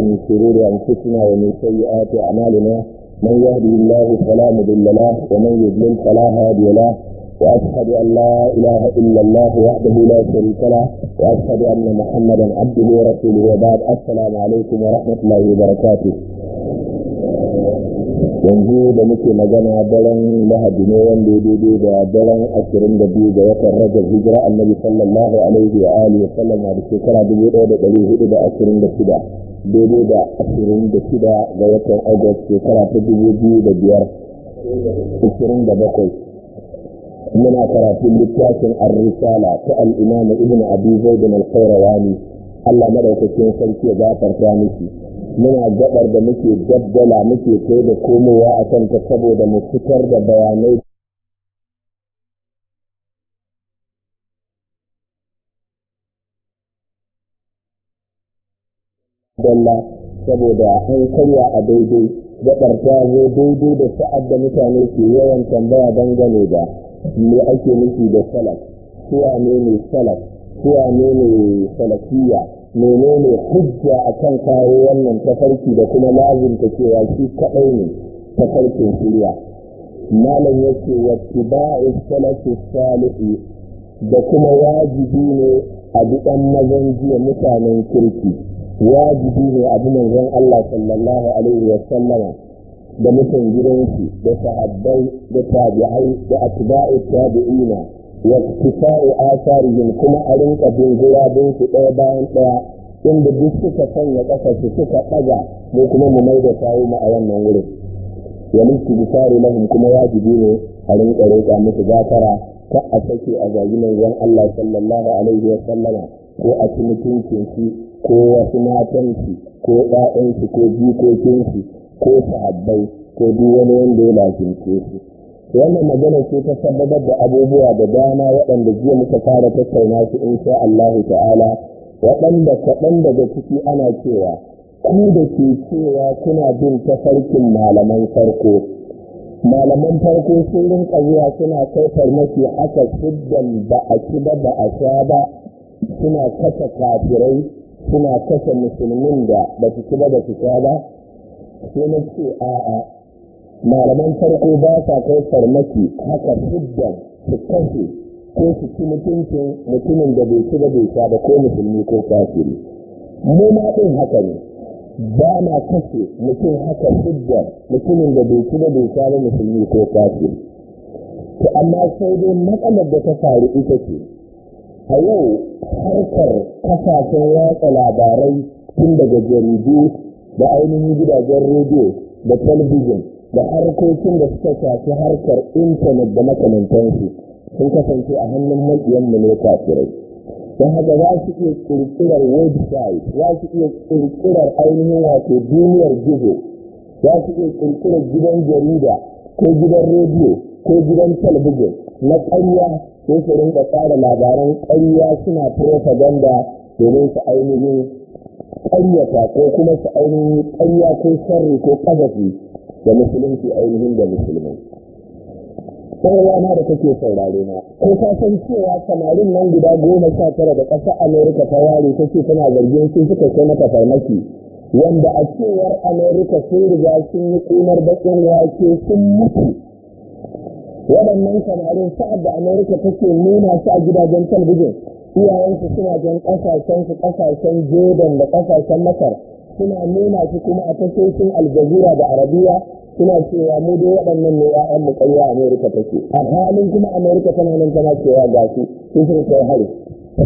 من شرور أنفسنا ومن سيئات أعمالنا من يهدي الله فلا مضل له ومن يضلل فلا هادي له وأشهد أن لا إله إلا الله وحده لا شريك له وأشهد أن محمدا عبده ورسوله وبعد السلام عليكم ورحمة الله وبركاته yanzu da muke magana daren lahadi ne wanda ya daidai da daren ashirin da biyu ga watan rajar hijira annabi sallallahu alaihi wa alihi wa sallam shekara dubu ɗaya da ɗari hudu da ashirin da shida daidai da ashirin da shida ga watan agus shekara ta dubu biyu da biyar ashirin da bakwai muna karatun littafin arrisala ta al-imam ibn abi da al wani. Allah madaukakin sarki ya gafarta miki muna gabar da muke daddala muke kai da komowa a kan ta saboda mu fitar da bayanai Allah saboda an karya a daidai gabar ta zo daidai da sa'ad da mutane ke yawan tambaya dangane da me ake nufi da salaf kuwa ne ne salaf kuwa ne ne salafiya menene hujja a kan kawo wannan tafarki da kuma lazimta cewa shi kaɗai ne tafarkin shirya malam yake wa tibai salafi salihi da kuma wajibi ne a gidan mazan jiya mutanen kirki wajibi ne abu manzon Allah sallallahu alaihi wa sallama da mutum gidansu da sahabbai da tabi'ai da atba'u tabi'ina wa kisa'u asarihim kuma a rinka bin bin su ɗaya bayan ɗaya inda duk suka sanya su suka ɗaga mu kuma mu mai da kawo mu a wannan wurin walisu bisari lahum kuma wajibi ne a rinka roƙa musu gafara ta a sake a zagi manzon Allah sallallahu alaihi wa sallama ko a ci mutuncin ko wasu matansu ko ɗa'yanki ko jikokinsu, ko sahabbai ko duk wani wanda ya lajince su wannan magana ce ta sababar da abubuwa da dama waɗanda jiya muka fara tattauna su in sha Allah ta'ala waɗanda kaɗan daga ciki ana cewa ku da ke cewa kuna bin tafarkin malaman farko malaman farko sun rinka zuwa suna kai farmaki haka siddan ba a ci ba ba a sha ba suna kasa kafirai suna kashe musulmin da ba su ci ba da su ba sai na ce a'a malaman farko ba sa kai farmaki haka fiddan su kashe ko su ci mutuncin mutumin da bai ci ba bai sha ba ko musulmi ko kafiri mu ma ɗin haka ne ba na kashe mutum haka fiddan mutumin da bai ci ba bai sha ba musulmi ko kafiri to amma sai dai matsalar da ta faru ita ce a yau harkar kasashen watsa labarai tun daga jaridu da ainihin gidajen rediyo da talabijin da harkokin da suka shafi harkar intanet da makamantansu sun kasance a hannun maƙiyan mu ne kafirai don haka za su iya ƙirƙirar website za su iya ƙirƙirar ainihin wato duniyar gizo za su iya ƙirƙirar gidan jarida ko gidan rediyo ko gidan talabijin na ƙarya sai su rinka tsara labaran ƙarya suna propaganda domin su ainihin ƙaryata ko kuma su ainihin ƙarya ko sharri ko ƙazafi da musulunci ainihin da musulmai sai na da kake saurare na ko ka san cewa samarin nan guda goma sha tara da ƙasar amerika ta ware ta ce tana zargin sun suka kai mata farmaki wanda a cewar amerika sun riga sun yi ƙunar baƙin wake sun mutu waɗannan samarin sa'ad da ta take nuna su a gidajen talabijin iyayensu suna jan ƙasashen ƙasashensu ƙasashen jordan da ƙasashen masar suna nuna su kuma a tashoshin aljazira da arabiya suna cewa mu dai waɗannan ne ya'yan mu ƙarya take a halin kuma Amurka tana nan tana cewa ga su sun sun kai hari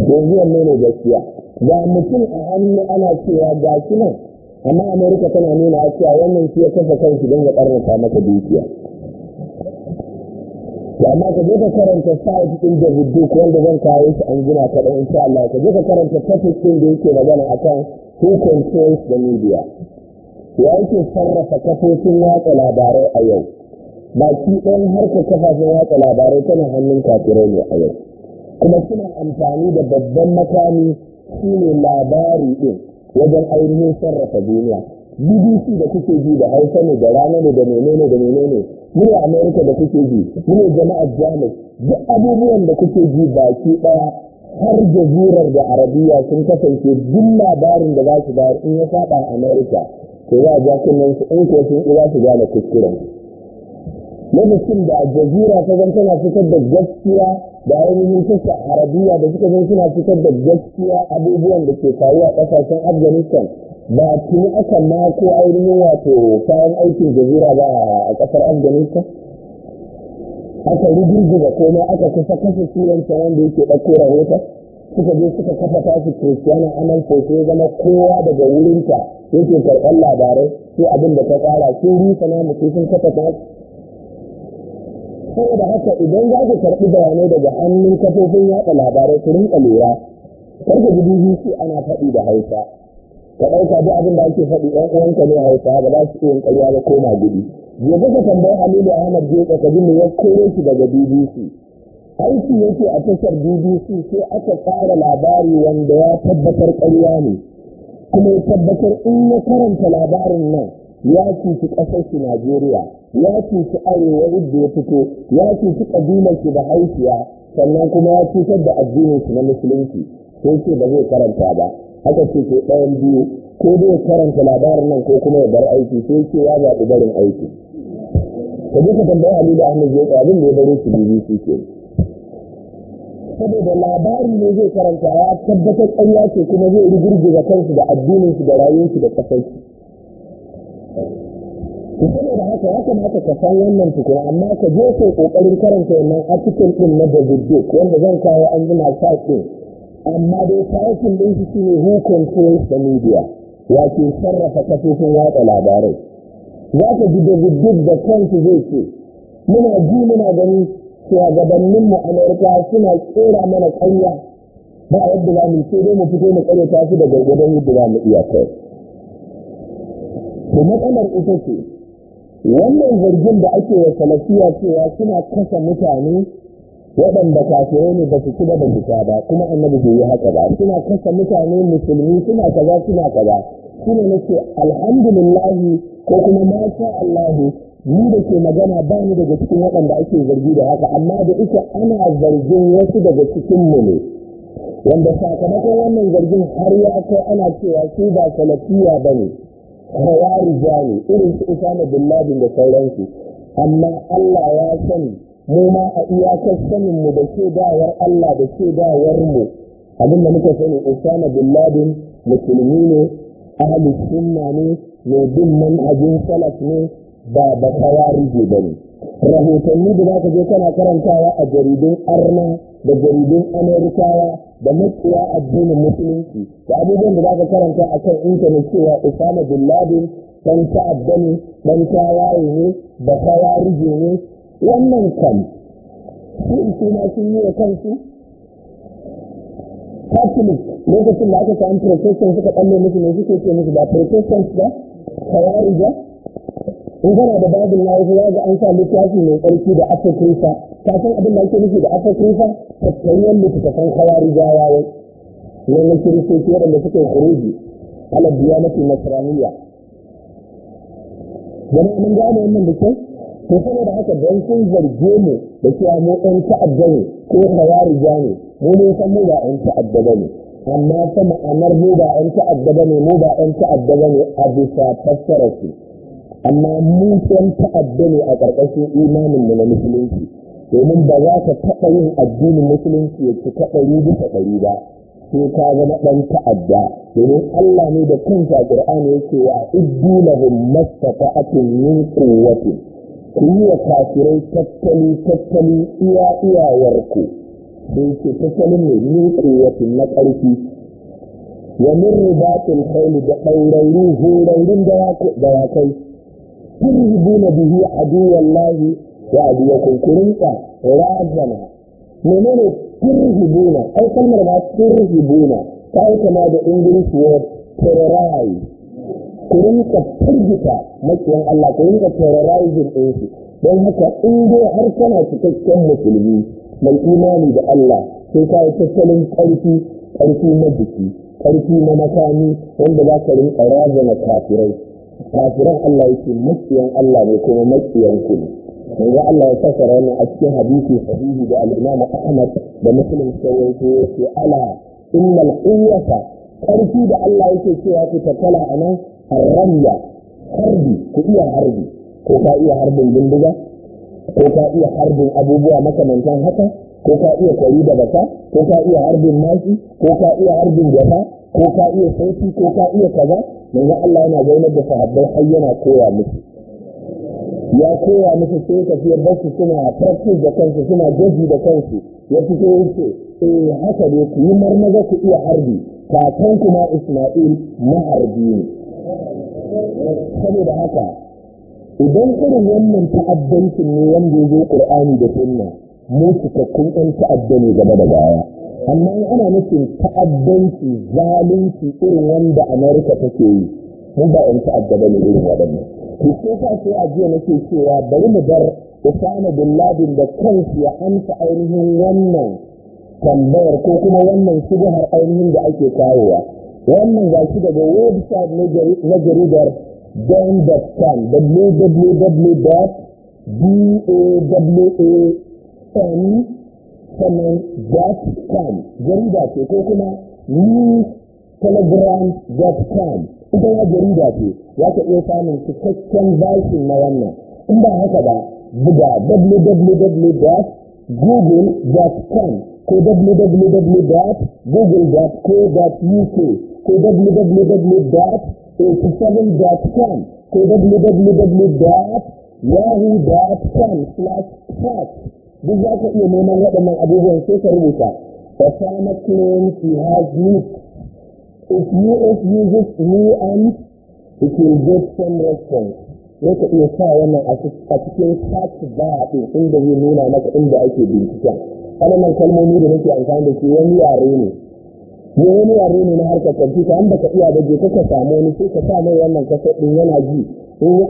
yanzu ne gaskiya ga mutum a hannu ana cewa ga su nan amma Amurka tana nuna cewa wannan shi ya kafa kansu don ya ƙarfafa maka dukiya amma ka je ka karanta sa'id cikin da ko wanda zan kawo shi an gina kaɗan insha Allah ka je ka karanta topic din da yake magana akan who controls the media ya yake sarrafa kafofin watsa labarai a yau shi ɗan harkar kafafen watsa labarai tana hannun kafirai ne a yau kuma suna amfani da babban makami shine labari ɗin wajen ainihin sarrafa duniya bbc da kuke ji da hausa ne da rana ne da menene da menene mu ne amerika da kuke ji mu ne jama'ar jamus duk abubuwan da kuke ji baki ɗaya har jazirar da arabiya sun kasance duk labarin da za su bayar in ya saba amerika amurka za a ja kunnen su in ko sun za su gane kuskuren lokacin da jazira ta zan tana fitar da gaskiya da ainihin kasa arabiya da suka zan suna fitar da gaskiya abubuwan da ke a ƙasashen afghanistan ba a aka ma ko ainihin wato kayan aikin jazira ba a ƙasar afghanistan aka rigirgiza komai aka kusa kashe suranta wanda yake ɗauko rahoton suka je suka kafa tashi kiristiyana anan sai zama kowa daga wurinta yake karɓar labarai sai abin da ta ƙara sun rusa na mutu sun kafa tashi saboda haka idan za ku karɓi bayanai daga hannun kafofin yaɗa labarai su rinƙa lura kar gudu ji shi ana faɗi da Hausa ka ɗauka duk abin da ake faɗi ɗan uwanka ne hausa ba za su iya ƙarya ba koma gudu ya buga tambayi halilu ahmad je ka ji ya koyo shi daga bbc aiki yake a tashar bbc sai aka tsara labari wanda ya tabbatar ƙarya ne kuma ya tabbatar in ya karanta labarin nan ya cuci ƙasar shi najeriya ya cuci arewa inda ya fito ya cuci ƙabilar shi da haifiya sannan kuma ya cutar da addinin shi na musulunci sai ce ba zai karanta ba haka ce ke ɗayan biyu ko zai karanta labarin nan ko kuma ya bar aiki sai ce ya zaɓi barin aiki ka je ka tambayi Halilu Ahmed ya tsaya abin da ya bare shi ke saboda labarin ne zai karanta ya tabbatar ƙarya ce kuma zai rigirgiza kansu da addinin su da rayuwar su da ƙasar su da haka ya kamata ka san wannan tukuna amma ka je kai ƙoƙarin karanta wannan article ɗin na David Duke wanda zan kawo an jima sa ke. amma dai tayakin din shi ne who controls the media ya ke sarrafa kafofin watsa labarai za ka ji da duk da kansu zai ce muna ji muna gani shugabanninmu amurka suna kera mana ƙarya. ba a yadda za mu ce dai mu fito mu kare ta da gargadon yadda za mu iya kai to matsalar ita ce wannan zargin da ake wa salafiya cewa suna kasa mutane waɗanda kafirai ne ba su ci da bisa ba kuma annabi bai yi haka ba suna kasa mutane musulmi suna kaza suna kaza shine nake alhamdulillahi ko kuma mata Allah ni da ke magana ba ni daga cikin waɗanda ake zargi da haka amma da ita ana zargin wasu daga cikin mu ne wanda sakamakon wannan zargin har ya kai ana cewa su ba salafiya ba ne kawari ne irin su usama bin da sauransu amma Allah ya sani mu ma a iyakar sanin mu da ke dawar Allah da ke dawar mu abin da muka sani Usama bin Laden musulmi ne ahli sunna ne ne bin manhajin salaf ne ba ba tawarije bane rahotanni da zaka je kana karantawa a jaridun arna da jaridun amerikawa da makiya addinin musulunci da abubuwan da zaka karanta a kan intanet cewa Usama bin Laden dan ta'adda ne dan tawaye ne ba tawarije ne wannan kan su su ma sun yi wa kansu catholic lokacin da aka samu protestant suka kalle musu ne suke ce musu ba protestant ba kawai ba in gana da babin na wasu ga an sa littafi mai tsarki da afirkinsa kafin abin da ake nufi da kusa ta tsayuwar littattafan kawari jawaye wani kiristoci waɗanda suke kuruji ala mafi nasiraniya. Wani mun gane wannan da ko da haka don sun zarge mu da cewa mu ɗan ta'adda ne ko kawarija ne mu ne san mu ba ɗan ta'adda ba ne amma ta ma'anar mu ba ɗan ta'adda ba ne mu ba ɗan ta'adda ba ne a bisa fassara su amma mu ɗan ta'adda ne a ƙarƙashin imanin mu na musulunci domin ba za ka taɓa yin addinin musulunci ya ci ɗari bisa ɗari ba sai ka zama ɗan ta'adda domin Allah ne da kansa Qur'ani yake wa iddulahum mastata'atun min quwwatin ku yi wa kafirai tattali tattali iya iyawarku sai ce tattalin ne min wasu na ƙarfi wa min kai khailu da da ɗaurarru horarrun dawakai biya bihi aduwallahi wa aduwakum ku ne razana menene turhibuna ai kalmar ma Buna. ta yi kama da Ingilishi wa terrorize ku rinka firgita makiyan Allah ku rinka terrorizing din su don haka in dai har kana cikakken musulmi mai imani da Allah sai ka yi tattalin ƙarfi ƙarfi na jiki ƙarfi na makami wanda za ka rinka razana kafirai kafiran Allah yake makiyan Allah ne kuma makiyan ku ne ga Allah ya saka wannan a cikin hadisi sahihi da al-Imam Ahmad da Muslim sai yake ala innal quwwata ƙarfi da Allah yake cewa ku tattala a nan haramiya harbi ko iya harbi ko ka iya harbin bindiga ko ka iya harbin abubuwa makamantan haka ko ka iya kwari da baka ko ka iya harbin maki ko ka iya harbin jama ko ka iya sauki ko ka iya kaza manzo Allah yana zaunar da sahabbai har yana koya musu ya koya musu sai ka fiye ba suna farko da kansu suna gaji da kansu ya fito ya ce eh haka dai ku yi marmaza ku iya harbi kakan kuma Isma'il maharbi ne saboda haka idan irin wannan ta'addancin ne wanda ya zo ƙur'ani da sunna mu cikakkun ɗan ta'adda ne gaba da baya amma in ana nufin ta'addanci zalunci irin wanda amurka take yi mu ba ɗan ta'adda ba ne irin waɗannan ku ko ka sai a jiya nake cewa bari mu bar Usama bin Laden da kansu ya amsa ainihin wannan tambayar ko kuma wannan shubhar ainihin da ake kawowa wannan ga shi daga website na jaridar don.com www.dawam.com jarida ce ko kuma newtelegram.com ita ya jarida ce ya ka iya samun cikakken bashin na wannan in ba haka ba buga www.google.com ko www.google.co.uk ko www.87.com ko www.yahoo.com slash chat duk za ka iya neman waɗannan abubuwan sai ka rubuta Osama claims he has meat. If US uses me and it will get some response. Sai ka iya sa wannan a cikin chat ba a inda zai nuna maka inda ake binciken. kalmar kalmomi da nake amfani da shi wani yare ne ne wani yare ne na harkar kwamfuta an ka iya da je ka samu wani sai ka sa mai wannan kasa din yana ji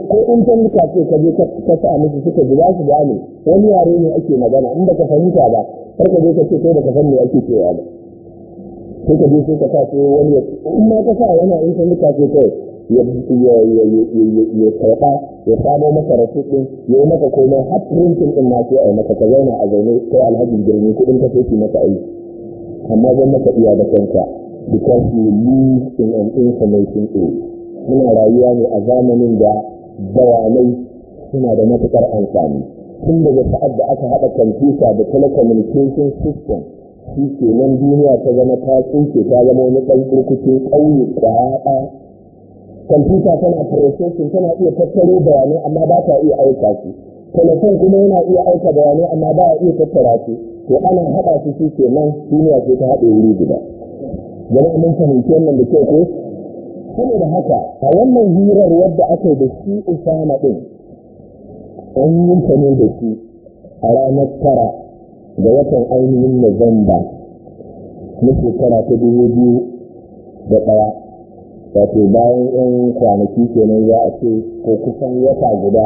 ko in can duka ce ka je ka sa musu suka ji za su gane wani yare ne ake magana in ka fahimta ba kar ka je ka ce kai da san me ake cewa ba sai ka je sai ka sa wani in ma ka sa yana in can duka ce kai ya karɓa ya samo maka rasu ɗin ya yi maka komai har printin ɗin ma sai a yi maka ka zauna a zaune kai alhaji birni kuɗin ka sai maka aiki amma zan maka iya da kanka because you live in an information age muna rayuwa ne a zamanin da bayanai suna da matuƙar amfani tun daga sa'ad da aka haɗa kwamfuta da telecommunication system shi ke nan duniya ta zama ta tsinke ta zama wani ɗan kurkucin ƙauye ƙwaya kwamfuta tana processing tana iya tattaro bayanai amma ba ta iya aika su telefon kuma yana iya aika bayanai amma ba a iya tattara su to ana haɗa su shi ke nan duniya ce ta haɗe wuri guda jama'a mun fahimci wannan da kyau ko saboda haka a wannan hirar wadda aka da shi usama ɗin an yi ta da shi a ranar tara ga watan ainihin Nuwamba na shekara ta dubu biyu da ɗaya wato bayan yan kwanaki kenan za a ce ko kusan wata guda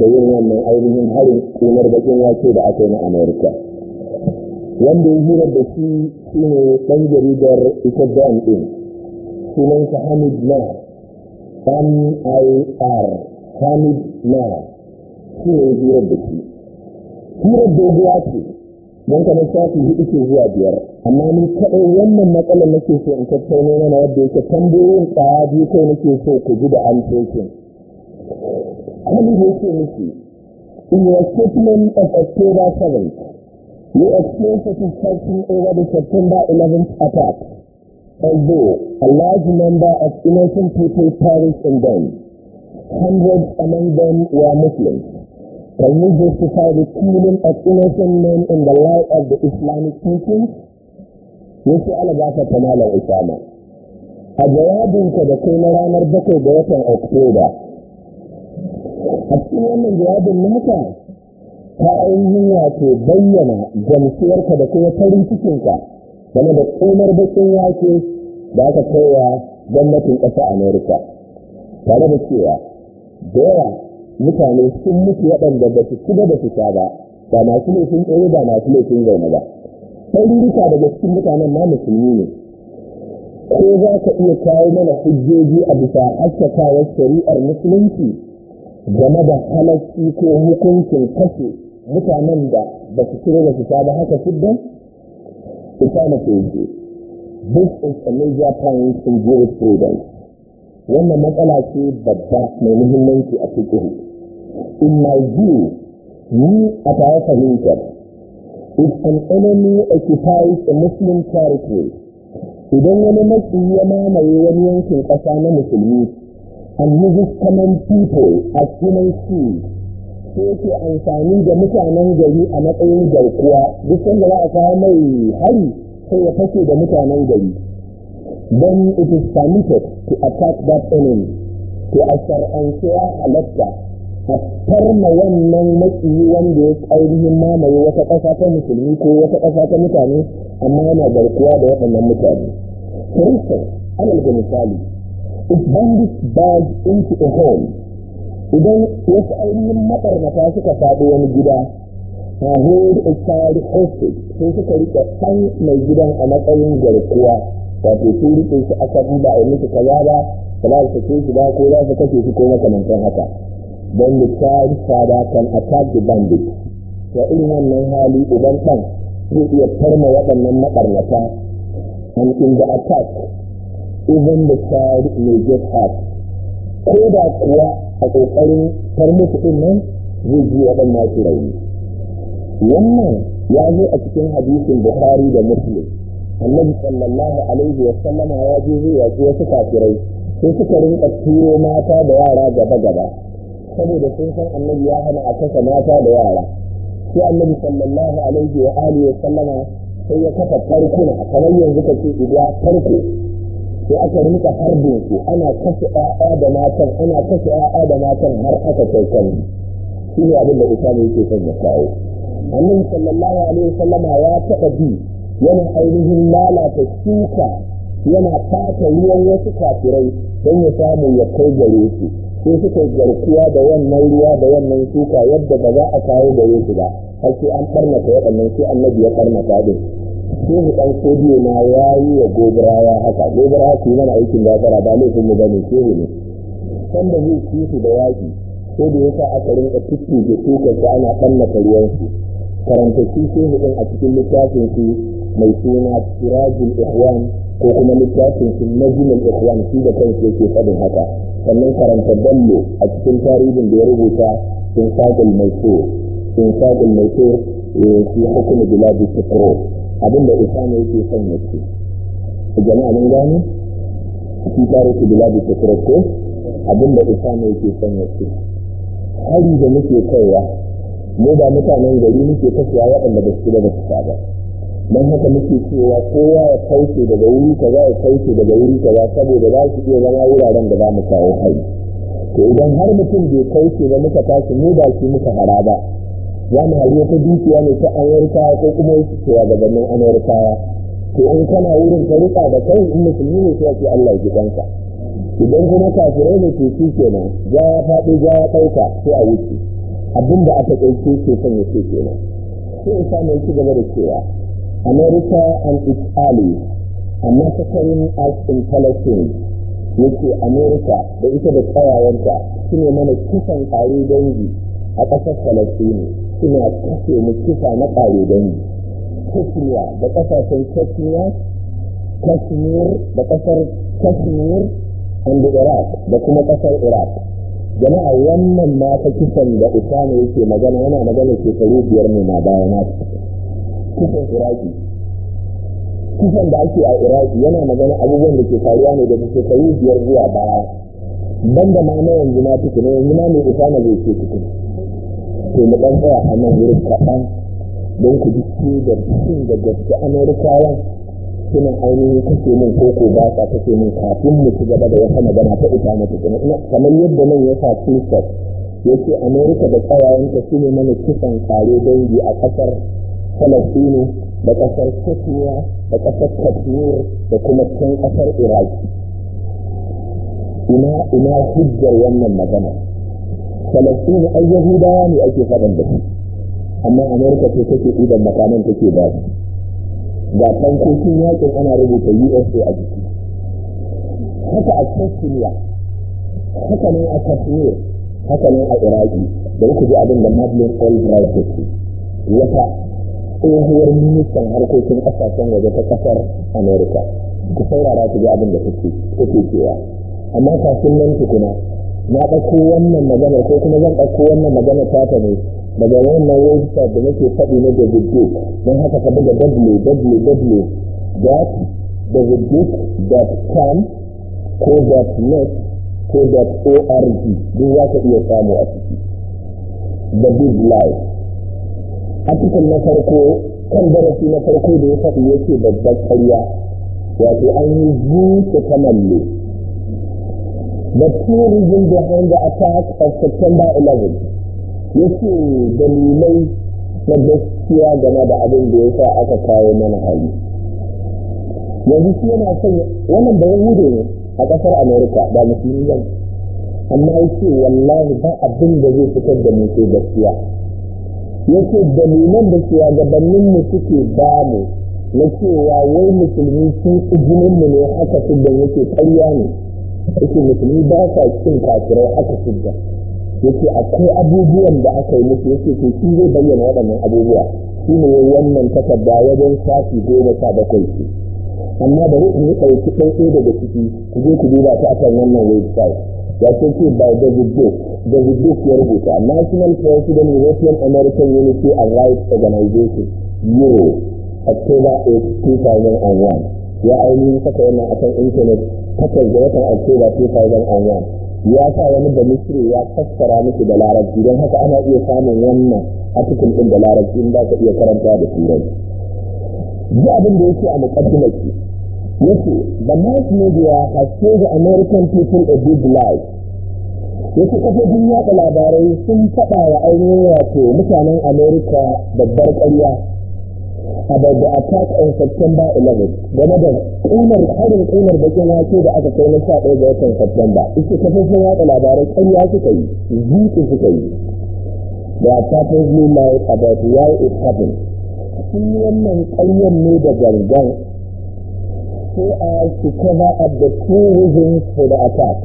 da yin wannan ainihin harin kunar bakin wake da aka yi na amurka wanda ya hira da shi shi ne ɗan jaridar ita dan ɗin sunansa hamid na mir hamid na shi ne hirar da shi hirar ya ce don kamar shafi hudu ke zuwa biyar amma ni kaɗai wannan matsalar nake so in tattauna mana wadda yake tambayoyin tsaya biyu kai nake so ku ji da an amsoshin ne yake miki in your statement of October 7th you explained satisfaction over the September 11th attack although a large number of innocent people perished in them hundreds among them were Muslims Can we justify the killing of innocent men in the light of the Islamic teachings? Yace Allah ba ta malam Usama. A jawabinka da kai na ranar bakwai da watan Oktoba, a cikin wannan jawabin naka ta ainihin wato bayyana gamsuwarka da kuma farin cikinka game da tsonar bakin wake da aka kaiwa gwamnatin ƙasa Amerika. Tare da cewa, da yawa mutane sun mutu waɗanda ba su shiga da fita ba ba masu laifin tsaye ba masu laifin zaune ba rika daga cikin mutanen ma musulmi ne ko za ka iya kawo mana hujjoji a bisa haskakawar shari'ar musulunci game da halarci ko hukuncin kashe mutanen da ba su shiga da fita ba haka fiddan? Ita na ce This is a major point in jurisprudence. Wannan matsala ce babba mai muhimmanci a cikin in my view, we at our religion, if an enemy occupies a Muslim territory, idan wani matsiyi ya mamaye wani yankin ƙasa na musulmi, and uses common people as human shields, sai ke amfani da mutanen gari a matsayin garkuwa, duk da za a kawo mai hari sai ya fashe da mutanen gari. Then it is permitted to attack that enemy, to a shar'anciya halatta fattar wannan maƙiyi wanda ya ainihin mamaye wata ƙasa ta musulmi ko wata ƙasa ta mutane amma yana garkuwa da waɗannan mutane. For instance, alal misali, if bandits bag into a home, idan wasu ainihin maɓarnata suka faɗi wani gida, a hold a child hostage sai suka riƙe ɗan mai gidan a matsayin garkuwa, wato sun riƙe shi kan ba a yi musu kaza ba, ba za su sake shi ba ko za su kashe shi ko makamantan haka. don misali sada kan attack the bandit to in wannan hali idan ɗan zai iya farma waɗannan maɓarnata and in the attack even the child may get hurt ko da kuwa a ƙoƙarin far kuɗin nan zai ji waɗannan su rauni wannan ya zo a cikin hadisin buhari da muslim annabi sallallahu alaihi wa sallama ya je zai yaƙi wasu kafirai sai suka rinka turo mata da yara gaba gaba saboda sun san annabi ya hana a kasa mata da yara sai annabi sallallahu alaihi wa alihi sallama sai ya kafa tarkuna kamar yanzu ka ce idan farko, sai aka rinka harbin su ana kashe ƴaƴa da matan ana kashe ƴaƴa da matan har aka kai kan shi ne abin da ne yake son ya kawo annabi sallallahu alaihi wa sallama ya taɓa bi yana ainihin lalata shuka yana fata ruwan wasu kafirai don ya samu ya kai gare su sai suka garkuwa da wannan ruwa da wannan shuka yadda ba za a kawo gare su ba har sai an karnata waɗannan sai annabi ya karnata din shehu dan sodiyo na yayi ya yi wa haka Gobara su yi mana aikin gafara ba kuma ba ne shehu ne san da zai ci su da yaki, ko da yasa aka rinka tuttuke shukar su ana karnata ruwan su karanta shi shehu a cikin littafin su mai suna sirajin ikhwan ko kuma littafin shi najmul ikhwan shi da ke ke fadin haka sannan karanta dallo a cikin tarihin da ya rubuta sun sagal mai so sun sagal mai so eh, shi hukumu su kuro abinda ne yake son ya ce jama'a mun gani shi tarihi su kuro ko abinda ne yake son ya ce hari da muke kaiwa mu ba mutanen gari muke kashewa waɗanda ba su da ba su ba don haka muke cewa kowa ya kauce daga wuri kaza ya kauce daga wuri kaza saboda za su iya zama wuraren da za mu kawo hari to idan har mutum bai kauce ba muka tashi mu ba shi muka hara ba ya mu hari wata dukiya ne ta amurka ko kuma wasu cewa gabanin amurka to in kana wurin ka rika da kai in musulmi ne sai ce Allah ya kanka idan kuma kafirai ne ke shi kenan ja ya faɗi ja ya ɗauka ko a wuce abinda aka ɗauke ke son ya ce kenan sai isa mai ci gaba da cewa America and its allies a massacring us in Palestine yake America da ita da tsayawanta su ne mana kisan ƙare dangi a ƙasar Palestine suna kashe mu kisa na ƙare dangi Kashmir da ƙasashen Kashmir Kashmir da ƙasar Kashmir and Iraq da kuma ƙasar Iraq jama'a wannan mata kisan da Usama yake magana yana magana shekaru biyar ne na baya haka kusan iraki kusan da ake a iraki yana magana abubuwan da ke faruwa ne daga shekaru biyar zuwa baya da ma na yanzu na tukuna yanzu ma mai na zai ce tuku to mu ɗan tsaya a nan wurin kaɗan don ku ji ce da cikin da gaske Amurkawa suna ainihin kashe min koko ba sa kashe min kafin mu ci gaba da wata magana ta tuku tukuna kamar yadda nan ya sa ya ce amerika da ta su ne mana kisan kare dangi a ƙasar falasini da ƙasar kashmiya da ƙasar kashmir da kuma can ƙasar iraki ina ina hujjar wannan magana falasini ai yahudawa ne ake faɗin da su amma amurka ce take idan makaman take ba su ga tankokin yakin ana rubuta usa a jiki haka a kashmiya haka ne a kashmir haka ne a iraki da ku ji abin da madeline albright ta ce wata tsohuwar ministan harkokin kasashen waje ta kasar america ku saurara ku ji abin da ta take cewa amma kafin nan tukuna na ɗauko wannan magana ko kuma zan ɗauko wannan magana ta ne daga wannan website da nake faɗi na David Duke don haka ka buga www.davidduke.com ko .net ko .org duk za ka iya samu a ciki. The Big Life a cikin na farko kan darasi na farko da ya faɗi ce babbar ƙarya wato an yi zuke ta mallo da turu reason hanga a tak of September 11 ya ce dalilai na gaskiya game da abin da ya sa aka kawo mana hali yanzu shi yana son wannan da yahudu ne a ƙasar Amurka, ba musulmi ba amma ce wallahi ba abin da zai fitar da mutu gaskiya yake dalilan da a mu suke ba mu, na cewa wai musulmi sun tsibinin mu ne haka fidda yake karya ne yake musulmi ba sa cin kafirai haka fidda yake akwai abubuwan da aka yi musu yake to shi zai bayyana waɗannan abubuwa shi ne wannan takarda wajen shafi goma sha bakwai ce amma da in yi ɗauki ɗan ɗaya daga ciki ku je ku duba ta akan wannan website ya ce ce ba da Duke da Duke ya rubuta National President European American Unity and Rights Organization Euro October 8, 2001 ya ainihin saka wannan akan internet takwas da watan October 2001 ya sa wani da misri ya fassara miki da larabci don haka ana iya samun wannan article din da larabci in za ka iya karanta da turai duk abin da yake a mukaddimar yake the mass media has told the American people a big lie yake kafofin yaɗa labarai sun faɗa wa ainihin wato mutanen America babbar ƙarya about the attack on September 11 game da ƙunar harin ƙunar bakin wake da aka kai na 11 ga watan September yake kafofin yaɗa labarai ƙarya suka yi zuƙi suka yi da purposely lie about why it happened sun wannan ƙaryan ne da gangan so as to cover up the true reasons for the attack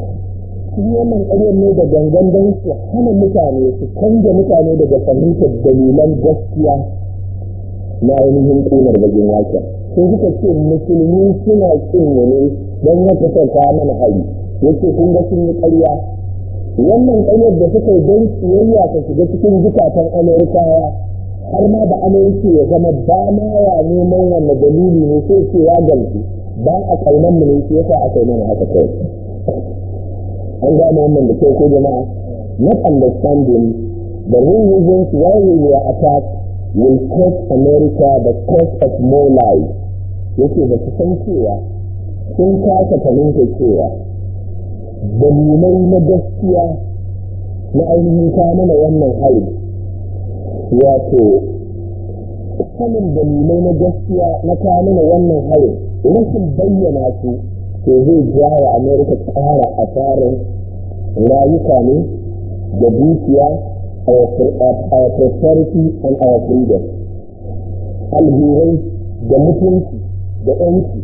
shi wannan ne da gangan don su hana mutane su canza mutane daga fahimtar dalilan gaskiya na ainihin ƙunar bagin waken sun suka ce musulmi suna cin wani don wata sauka mana hari yake kun ga sun yi ƙarya wannan ƙaryar da suka yi don siyayya ta shiga cikin zukatan amurkawa har ma da aminci ya zama ba ma ya neman wanda dalili ne sai ce ya gamsu ba a kaunan mu ne shi yasa a kai mana haka kai an mu wannan da kyau ko jama'a Na understanding the real reasons why we were attacked will cost America the cost of more lives yake ba su san cewa sun kasa fahimta cewa dalilai na gaskiya na ainihin ta mana wannan hari wato sanin dalilai na gaskiya na ta mana wannan harin rashin bayyana su ke zai jawo amerika ƙara tsarin rayuka ne da dukiya our prosperity and our freedom da mutunci da yanci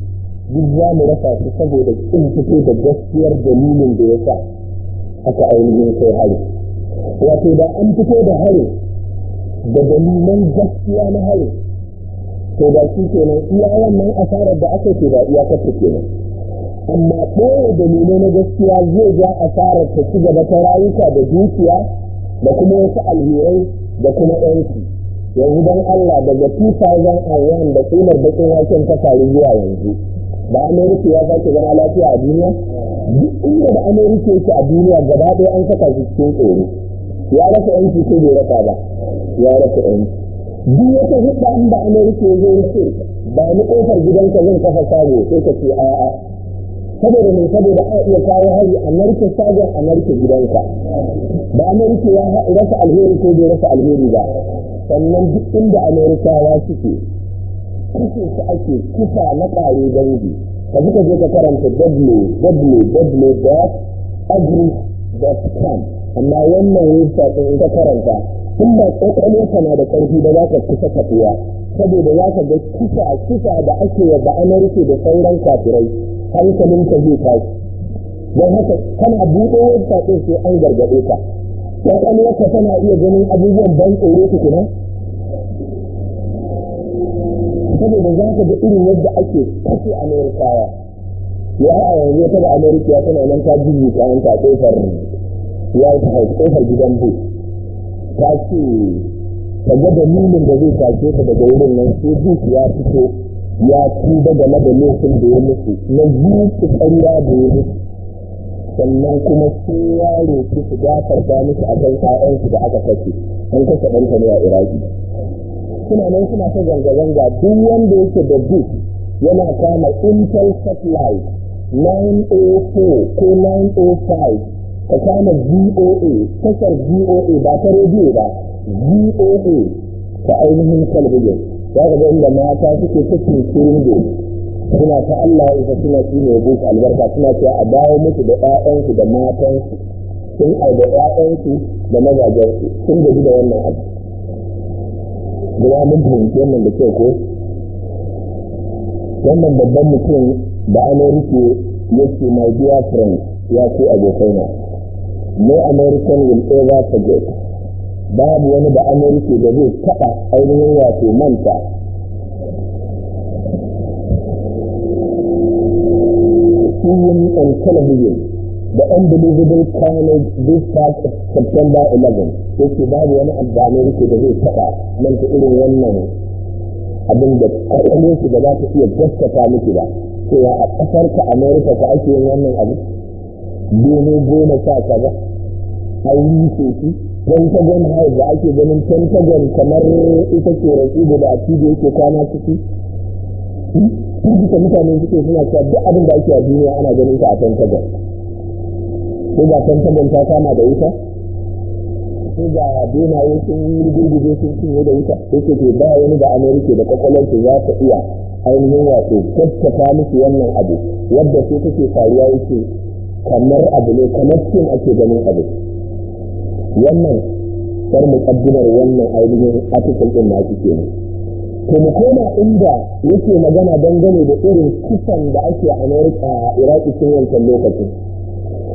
duk za mu rasa su saboda kin fito da gaskiyar dalilin da ya sa aka ainihin sai hari wato da an fito da hari da dalilan gaskiya na hari to da shi kenan iya wannan asarar da aka ce ba iya ke kenan amma ɓoye dalilai na gaskiya zai ja asarar ta ci gaba ta rayuka da dukiya da kuma wasu alherai da kuma yanki? yanzu don Allah daga 2001 da da bakin waken ta faru zuwa yanzu da Amerika ya sake zama lafiya a duniya duk inda da Amerika yake a duniya gaba ɗaya an saka shi cikin tsoro ya rasa yanki ko bai rasa ba ya rasa yanki duk wata hudda in ba amurka zo ce ba ni kofar gidanka zan kafa sabo sai ka ce a'a saboda mai saboda a iya kawo hari a narke sagon a narke gidanka ba amurka ya rasa alheri ko bai rasa alheri ba sannan duk inda amurkawa suke kuke su ake kusa na kare dangi ka ji je ka karanta www.agri.com amma wannan rusa ɗin ka karanta tun ba ƙwaƙwalwarka na da ƙarfi da za ka kusa tafiya saboda za ka ga kisa kusa da ake wa ba rufe da sauran kafirai hankalin ka zai tashi don haka kana buɗe wata ɗin sai an gargaɗe ka ƙwaƙwalwarka tana iya ganin abubuwan ban tsoro kuma? saboda za ka ga irin yadda ake kashe amurkawa ya a yanzu ta da amurkiya tana nan ta jiji kayan ta ƙofar ya yi haifar gidan bu ta ce ta ga dalilin da zai tashe ta daga wurin nan sai duk ya fito ya tuba game da lokacin da ya mutu na zuci ƙarya da ya mutu sannan kuma sun yaro su su gafarta musu kan ƴaƴansu da aka kashe an kashe ɗanta ne a iraki suna nan suna ta zanga-zanga duk wanda yake da duk yana kama intel satellite 904 ko 905 ka kama VOA tashar VOA ba ta rediyo ba VOA ta ainihin talabijin Ya ga ga inda mata suke kirin kiringo suna ta Allah ya suna shi ne buka albarka suna cewa a dawo musu da ƴaƴansu da matansu sun da ƴaƴansu da mazajensu sun gaji da wannan abu Gina mun fahimci da kyau ko? Wannan babban mutum da Amerika yake my dear friend ya ce abokai na. no american will ever forget babu wani da america da zai taba ainihin wato manta TV and television the unbelievable carnage this past September 11 yake babu wani amfani america da zai taba manta irin wannan abin da ƙarƙamin su da za ta iya gaskata miki ba cewa a ƙasar ka America ka ake yin wannan abu domin goma sa ka kaza an rushe pentagon house da ake ganin pentagon kamar ita ce rasu da ake da yake kwana ciki su mutane suke suna cewa duk abin da ake a duniya ana ganin ta a pentagon ko ga pentagon ta kama da ita ko ga benaye sun yi sun cinye da ita yake ke ba wani da amerika da kwakwalwarsa za ta iya ainihin wato tattata musu wannan abu Wadda sai take faruwa yake kamar abu ne kamar cin ake ganin abu wannan kar muqaddimar wannan ainihin article din na ake ne to mu koma inda yake magana dangane da irin kusan da ake a America Iraki cikin wancan lokacin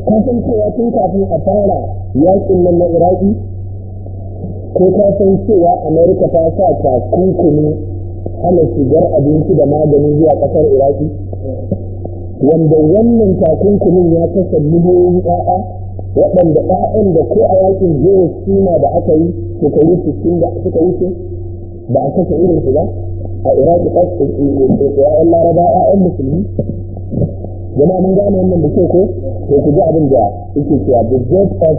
kasan cewa tun kafin a fara yakin nan na Iraki ko ka san cewa America ta sa takunkumi hana shigar abinci da magani zuwa kasar Iraki wanda wannan takunkumin ya kasa miliyoyin 'ya'ya waɗanda ɗa'an da ko a yakin zuwa suna da aka yi suka yi cikin da suka wuce ba a kasa irin su ba a iraki ƙasar ya'yan laraba ya'yan musulmi jama mun gane wannan da ke ko to ku ji abin da yake cewa the death of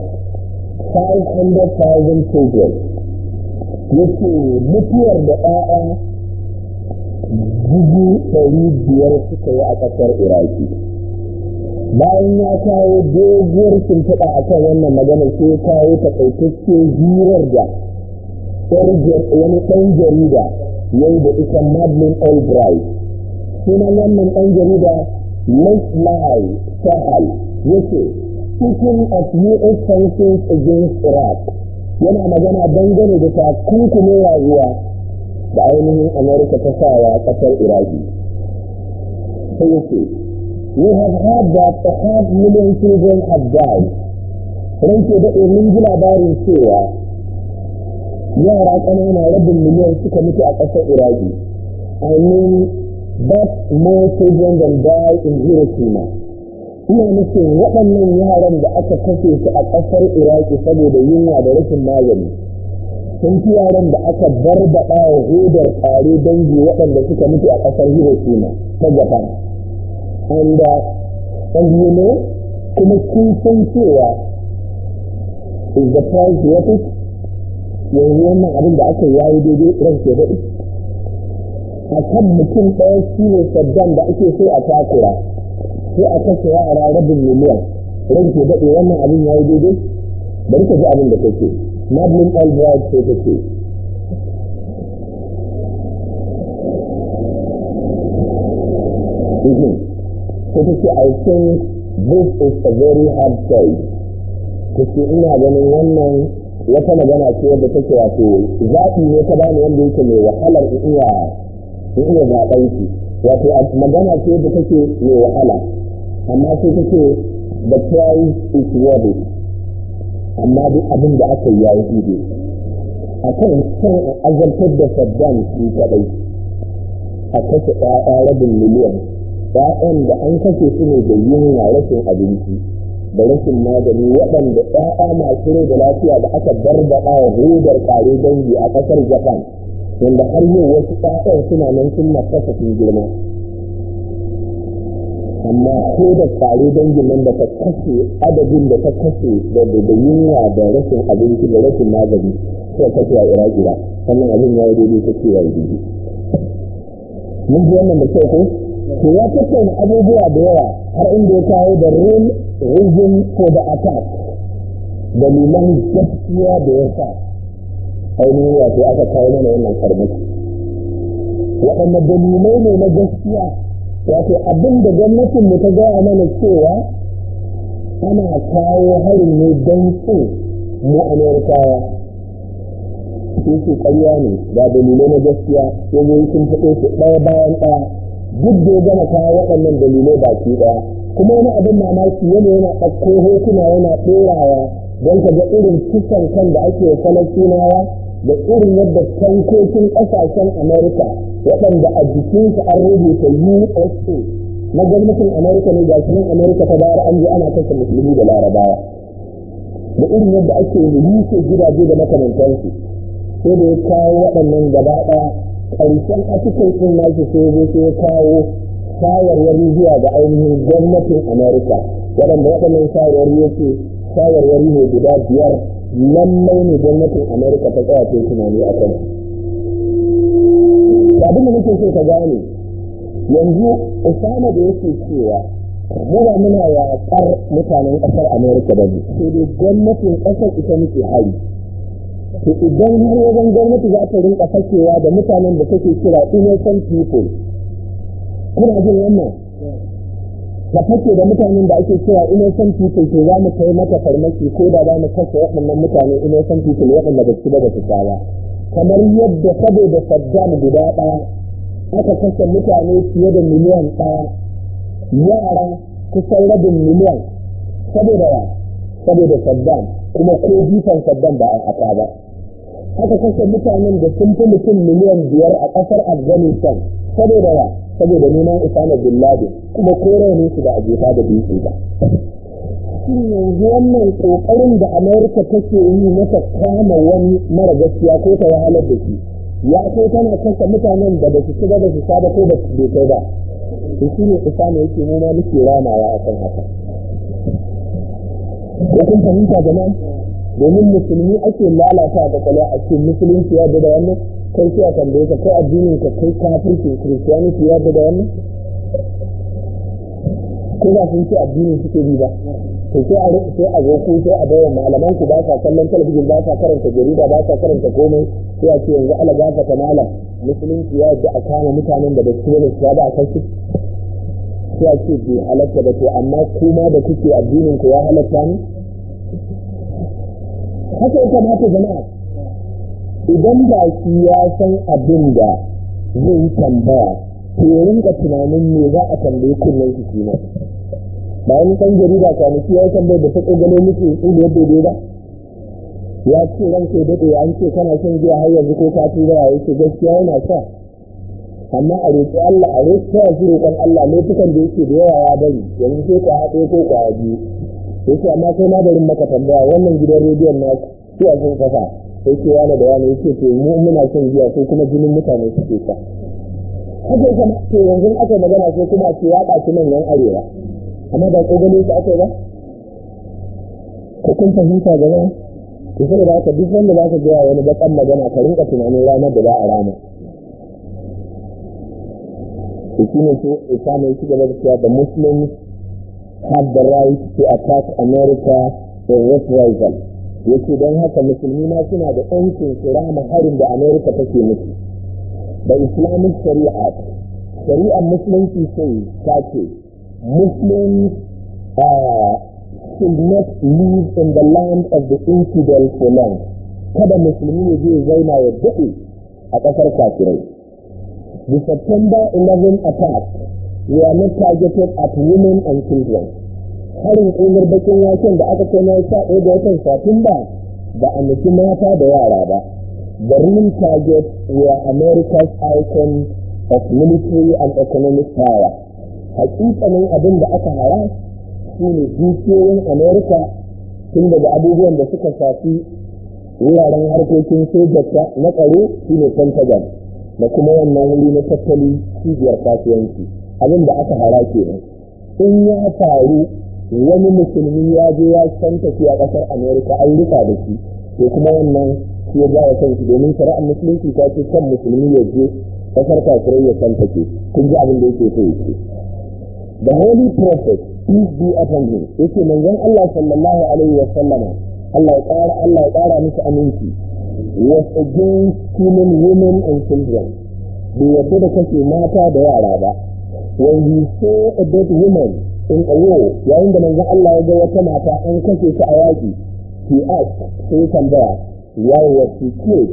500,000 children yake mutuwar da ɗa'a dubu ɗari biyar suka yi a ƙasar iraki bayan ya kawo doguwar shimfiɗa a kan wannan magana sai ya kawo takaitacce hirar da wani ɗan jarida yau da ita Madeline Albright. suna wannan ɗan jarida Leslie Sahal yake Cikin of U.S. sanctions against Iraq yana magana dangane da takunkumin rayuwa da ainihin Amurka ta sawa ƙasar Iraki. Sai We have had that half million children have died. Ranke daɗe mun ji labarin cewa yara ƙanana rabin miliyan suka mutu a ƙasar Iraki. I mean, that more children than die in Hiroshima. Ina nufin waɗannan yaran da aka kashe su a ƙasar Iraki saboda yunwa da rashin magani. sun fi yaran da aka barbaɗa wa hodar tare dangi waɗanda suka mutu a ƙasar Hiroshima ta Japan. wanda uh, kuma kun san cewa is the price worth it yanzu wannan abin da aka yayi daidai ran ke daɗi a kan mutum ɗaya shi ne saddan da ake so a takura sai a kashe yara rabin miliyan ran ke daɗi wannan abin yayi daidai bari ka ji abin da kake madeline albright ce take Mm-hmm. ko take I think this is a very hard choice ina ganin wannan wata magana ce wadda take wato zaɓi ne ta bani wanda yake mai wahalar in iya iya zaɓen shi wato magana ce wadda take mai wahala amma sai take the price is worth it amma duk abin da aka yi ya yi a kan san azabtar da saddam shi kaɗai a kashe ɗaya rabin miliyan ɗayan da an kashe su ne da yunwa rashin abinci da rashin magani waɗanda ɗaya masu rai da lafiya da aka barbaɗa wa hodar ƙare dangi a ƙasar japan wanda har yau wasu ɗayan suna nan sun makasa sun girma amma ko da ƙare dangi nan da ta kashe adadin da ta kashe da yunwa da rashin abinci da rashin magani sai kashe a iraki ba sannan abin ya yi daidai ta ce ya mun ji wannan da kyau ko to ya tattauna abubuwa da yawa har inda ya kawo da rule reason for the attack dalilan gaskiya da ya sa ainihin wato aka kawo mana wannan farmaki waɗanne dalilai ne na gaskiya wato abin da gwamnatin mu ta gaya mana cewa ana kawo harin ne don so mu amerikawa sun ce ƙarya ne ga dalilai na gaskiya mun sun fito su ɗaya bayan ɗaya duk da gama kawo waɗannan dalilai baki ɗaya kuma wani abin mamaki wani yana ɗauko hotuna yana ɗorawa don ka ga irin kisan kan da ake sunawa da irin yadda tankokin ƙasashen amerika waɗanda a jikinsa an rubuta usa na gwamnatin amurka ne gashi nan amurka ta bayar an je ana kashe musulmi da larabawa da irin yadda ake rubuce gidaje da makamantansu sai da ya kawo waɗannan gaba ɗaya ƙarshen asusun ɗin na shi sai zai sai kawo shawarwari zuwa ga ainihin gwamnatin amerika waɗanda waɗannan shawarwari yake shawarwari ne guda biyar lallai ne gwamnatin amerika ta tsaya tunani a kan abin da nake so ka gane yanzu usama da yake cewa muna muna yaƙar mutanen ƙasar amerika ba ne sai dai gwamnatin ƙasar ita muke hari to idan har wajen gwamnati za ta rinka fakewa da mutanen da kake kira innocent people kuna jin wannan da fake da mutanen da ake kira innocent people to za mu kai mata farmaki ko da za mu kashe waɗannan mutane innocent people waɗanda ba su ba su ba kamar yadda saboda Saddam guda ɗaya aka kashe mutane fiye da miliyan ɗaya yara kusan rabin miliyan saboda saboda Saddam kuma ko jifan Saddam ba a ba haka kashe mutanen da sun fi mutum miliyan biyar a ƙasar afghanistan saboda wa saboda neman usama bin laden kuma korai ne su da ajefa da bisu ba shin yanzu wannan ƙoƙarin da amurka take yi mata kama wani mara gaskiya ko ta wahalar da shi ya kai tana kasa mutanen da ba su shiga da su saba ko ba su dokai ba to shi ne yake nuna ma ranawa a akan haka ya kun fahimta jama'a domin musulmi ake lalata da kala a cikin musulunci ya da wannan kai sai a tambaye ka kai addinin ka kai kafirci christianity ya da wannan ko ba sun ce addinin suke ke ba to sai a sai a zo ko sai a bayan malaman ku ba sa kallon talabijin ba sa karanta jarida ba sa karanta komai sai a ce yanzu Allah gafa ta malam musulunci ya yadda a kama mutanen da ba su ne su ba a kai sai a ce bai halatta da to amma kuma da kuke addinin ku ya halatta ne haka ya kamata jama'a idan baki ya san abin da zai tambaya to ya rinka tunanin me za a tambayi su shi kima bayan san jarida kwanaki ya yi tambayar da ta tsogalo miki in da yadda ba ya ce ran ke daɗe an ce kana son zuwa har yanzu ko ka tura ya ce gaskiya yana sa amma a roƙi Allah a roƙi ta shi kan Allah lokutan da yake da yawa ya bari yanzu ko ka haɗe ko ka biyu yake amma sai na maka tambaya wannan gidan rediyon na su a sun kasa sai ce yana da yana yake ce mu muna son giya sai kuma jinin mutane suke sa haka ya ce yanzu aka magana sai kuma ce ya nan manyan arewa amma ba gani su aka ba ko kun fahimta gaba to sai da haka duk wanda za ka gaya wani bakan magana ka rinka tunanin ranar da za a rana to shi ne sai isa mai shiga da cewa have the right to attack America for reprisal yace don haka musulmi ma suna da yancin su rama harin da America take musu da Islamic Sharia shari'ar musulunci sai ta ce Muslims are uh, should not live in the land of the infidel for long kada musulmi ne zai zauna ya daɗe a ƙasar kafirai the September 11 attack we are not targeted at women and children harin ƙunar bakin waken da aka kai sa sa'o da wata satumba ba a nufi mata da yara ba the real target were america's icon of military and economic power hakikanin abin da aka hara su ne dukiyoyin america tun daga abubuwan da suka shafi wuraren harkokin sojata na tsaro shi ne pentagon da kuma wannan wuri na tattali cibiyar kasuwanci abin da aka hara kenan in ya faru wani musulmi ya je ya san a kasar amerika an rika da shi ko kuma wannan shi ya ga san shi domin shari'ar musulunci ta ce kan musulmi ya je kasar kafirai ya san take kun ji abin da yake so ce the holy prophet peace be upon him yake manzon Allah sallallahu alaihi wa sallama Allah ya ƙara Allah ya kara musu aminci was against killing women and children bai yarda da kashe mata da yara ba when he saw a dead woman in a war yayin da manzon Allah ya ga wata mata an kashe ta a yaki he asked sai tambaya why was she killed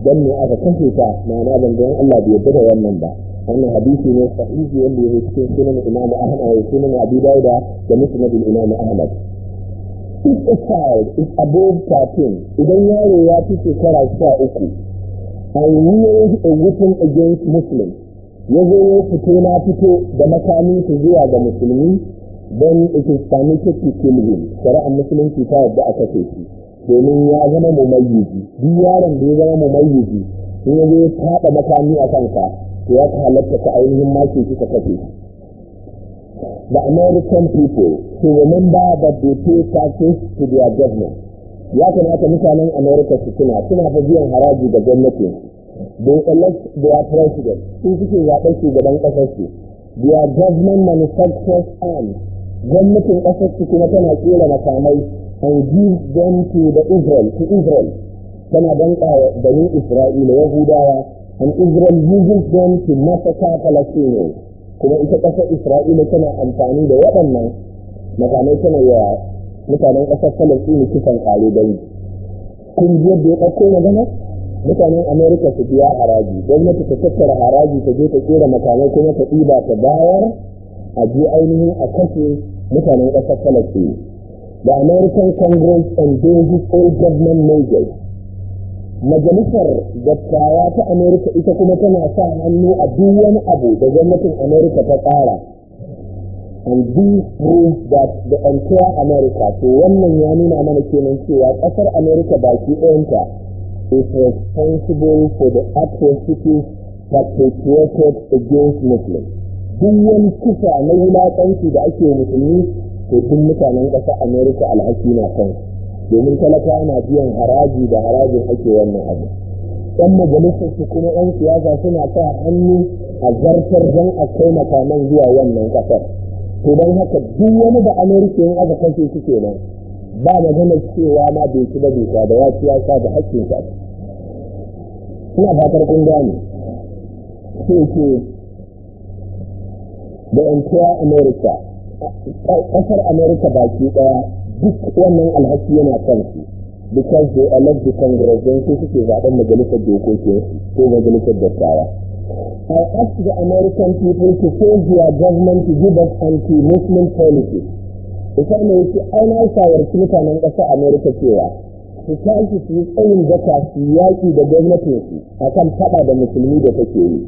dan ne aka kashe ta ma'ana banzan Allah bai yarda da wannan ba wannan hadisi ne sahihi wanda yake cikin sunan Imam Ahmad da eh, sunan Abu Dawud da Musnad Imam Ahmad If a child is above 13, idan yaro ya fi shekara 13, and wield a weapon against Muslims, ya zo fito na fito da makamin su zuwa ga musulmi don islamic killing shari'ar musulunci ta yadda aka ce shi domin ya zama mu mumayyizi duk yaron da ya zama mu in ya zo ya taɓa makami a kanka to ya halatta ka ainihin maki kika kafe The American people to remember that they pay taxes to their government. Ya kamata mutanen America su suna suna fa biyan haraji da gwamnati. they da their president su suke zaɓar shugaban ƙasar su their government manufacturers' arms gwamnatin ƙasar su kuma tana kera makamai and give them to the Israel to Israel tana danƙa da ni Isra'ila Yahudawa and Israel uses them to massacre Palestinians kuma ita ƙasar Isra'ila tana amfani da waɗannan makamai tana yawa mutanen ƙasar Palestine kisan ƙare kun ji yadda ya ɗauko magana mutanen amerika su biya haraji gwamnati ta tattara haraji ta je ta kera makamai kuma ta ɗiba ta bayar a ji ainihin a kashe mutanen ƙasar falastin da american congress and endorses all government major majalisar dattawa ta amerika ita kuma tana sa hannu a duk abu da gwamnatin amerika ta tsara and this proves that the entire america to wannan ya nuna mana kenan cewa ƙasar amerika baki ɗayanta is responsible for the atrocities perpetrated against Muslims. Duk wani na na wulaƙanci da ake musulmi to duk mutanen ƙasar Amerika alhaki na kan domin talaka na biyan haraji da harajin ake wannan abu. Ɗan majalisar su kuma ɗan siyasa suna sa hannu a zartar don a taimaka nan zuwa wannan ƙasar. To don haka duk wani da Amerika yin aka kashe su nan. ba da zama cewa ba bai ci da duka da ya ci ya sa da hakkin sa suna ba kun gani ce ce da entire ƙasar kasar ba baki ɗaya duk wannan alhaki yana kan su because they elect the congress don su suke zaɓen majalisar dokokin ko majalisar dattawa I ask the American people to change their government to give us anti-Muslim policies. ita ne shi aina shawarci mutanen ƙasar amerika cewa su tashi su yi tsayin daka su yaƙi da gwamnatinsu a kan taɓa da musulmi da take yi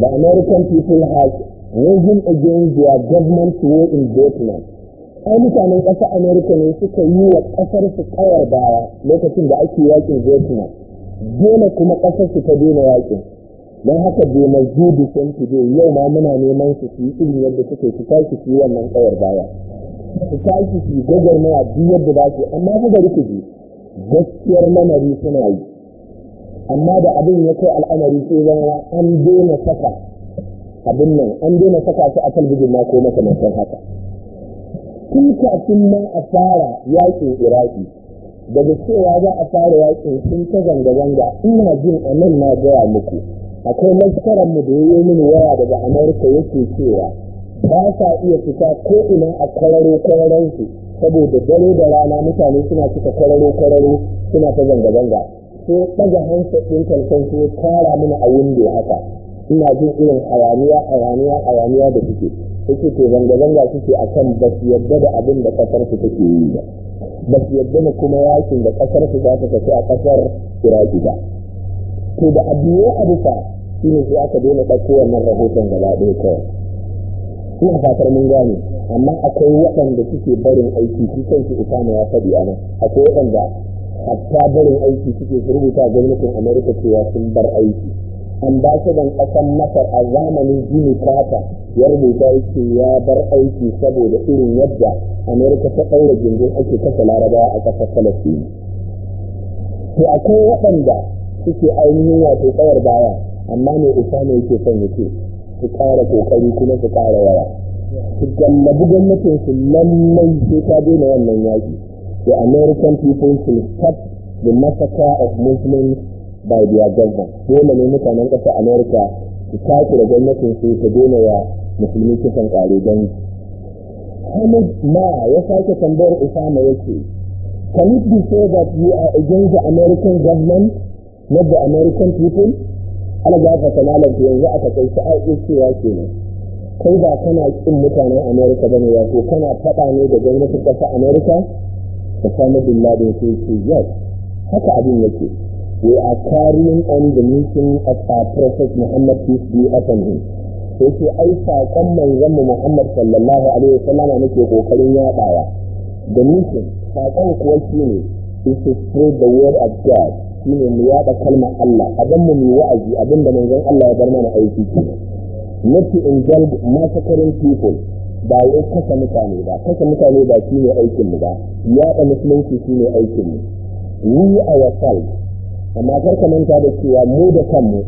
the american people has risen against their government war in vietnam ai mutanen ƙasar amerika ne suka yi wa ƙasar su kawar baya lokacin da ake yaƙin vietnam dole kuma ƙasar su ta daina yaƙin don haka bai mazu da yau ma muna neman su su yi ilimin yadda suke su tashi su yi wannan kawar baya su tashi su gwagwarmaya duk yadda ba su amma ku gari ku gaskiyar lamari suna yi amma da abin ya kai al'amari sai zama an daina saka abin nan an daina saka su a talbijin ma ko makamantar haka tun kafin ma a fara yakin iraki daga cewa za a fara yakin sun ta zanga-zanga ina jin a nan na gaya muku akwai maskaranmu mu da ya yi mini waya daga amurka yake cewa ba sa iya fita ko ina a kwararo kwararon su saboda dare da rana mutane suna cika kwararo kwararo suna ta zanga zanga sai ɗaga hansa ɗin talfon su kara mana a windo haka ina jin irin hayaniya hayaniya hayaniya da suke suke to zanga zanga suke akan ba su yadda da abin da kasar su take yi ba ba su yadda na kuma yakin da kasar su za ta tafi a kasar iraki ba to da abu ya abu fa ne sai aka daina ɗauko wannan rahoton gaba ɗaya kawai ina fatar mun gane amma akwai waɗanda suke barin aiki shi kansu usama ya faɗi a nan akwai waɗanda hatta barin aiki suke su rubuta gwamnatin amerika cewa sun bar aiki an ambasadan ƙasan masar a zamanin jini kata ya rubuta yake ya bar aiki saboda irin yadda amerika ta ɗaura gindin ake kasa larabawa a ƙasar falastini to akwai waɗanda suke ainihin wato tsawar baya amma ne usama yake son yake. su ƙara ƙoƙari kuma su ƙara yawa su gallabi gwamnatin su lallai sai ta daina wannan yaki the american people should stop the massacre of muslims by their government dole ne mutanen ƙasa america su tashi da gwamnatin su ta daina ya musulmi kisan ƙare don Hamid ma ya sake tambayar Usama ya ce, can it be said that you are against the American government not the American people ala ga ta kamalan yanzu aka kai su aiki cewa ne. kai ba kana kin mutanen ne ya wato kana faɗa ne da gwamnatin ƙasar Amurka, da bin billahi da yake yes haka abin yake we are carrying on the mission of our prophet Muhammad peace be upon him sai ce ai saƙon manzon Muhammad sallallahu alaihi wasallam nake kokarin yaɗawa. the mission saƙon kuwa shine is to spread the word of God shine mu yada kalmar Allah abin mu yi wa'azi abin da manzon Allah ya bar mana aiki in to indulge karin people ba ya kasa mutane ba kasa mutane ba shine ne aikin mu ba yada musulunci shine ne aikin mu a ourselves a kar ka manta da cewa mu da kanmu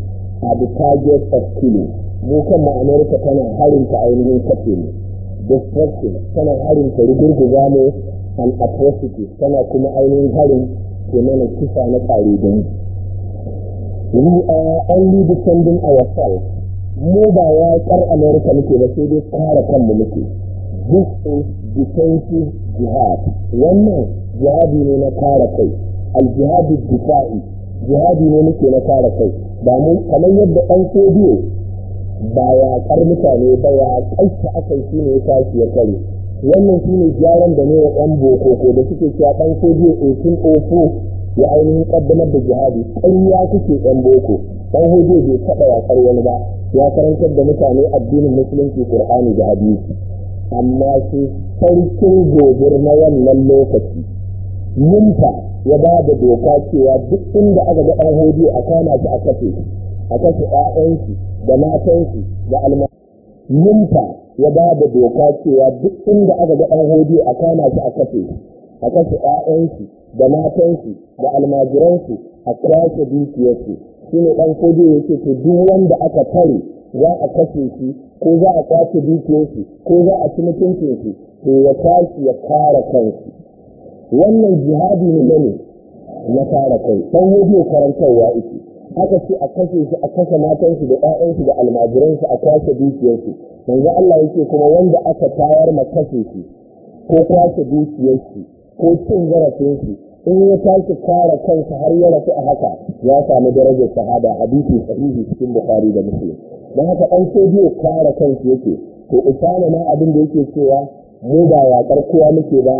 a the target of killing mu kanmu America tana harin ta ainihin kafe mu destruction tana harin ta rugurguza mu an atrocity tana kuma ainihin harin ke mana kisa na ƙare we are only defending ourselves mu ba ya ƙar america muke ba sai dai kare kanmu muke this is defensive jihad wannan jihadi ne na ƙara kai aljihadi difa'i jihadi ne muke na ƙara kai ba mu kamar yadda ɗan sojiyo ba ya ƙar mutane ba ya ƙaita yi shi ne ya tashi ya kare wannan shi ne gyaran da ne wa ɗan boko ko da suke cewa ɗan sojiya ofo ya ainihin ƙaddamar da jihadi Ɗan ya suke ɗan boko ɗan hoje bai taɓa yaƙar wani ba ya karantar da mutane addinin musulunci ƙur'ani da hadisi amma su sarkin gobir na wannan lokaci yunfa ya ba da doka cewa duk inda aka ga ɗan hoje a kama shi a kashe a kashe ƴaƴansu da matansu da alma yunfa ya ba da doka cewa duk inda aka ga ɗan hodi a kama shi a kashe a kashe ƴaƴansu da matansu da almajiransu a kwashe dukiyarsu shi ne ɗan hodi ya ce duk wanda aka tare za a kashe shi ko za a kwace dukiyarsu ko za a ci mutuncinsu to ya tashi ya kare kansu wannan jihadi ne na kare kai ɗan hodi karantarwa ita haka ce a kashe shi a kashe matansu da ƴaƴansu da almajiransu a kwashe dukiyarsu yanzu Allah yake kuma wanda aka tayar ma kashe shi ko kwashe dukiyarsu ko cin zarafinsu in ya tashi kare kansa har ya rasu a haka ya sami darajar shahada hadisi sahihi cikin bukhari da muslim don haka ɗan sodiyo kare kansa yake to usama ma abin da yake cewa mu ba yaƙar kowa muke ba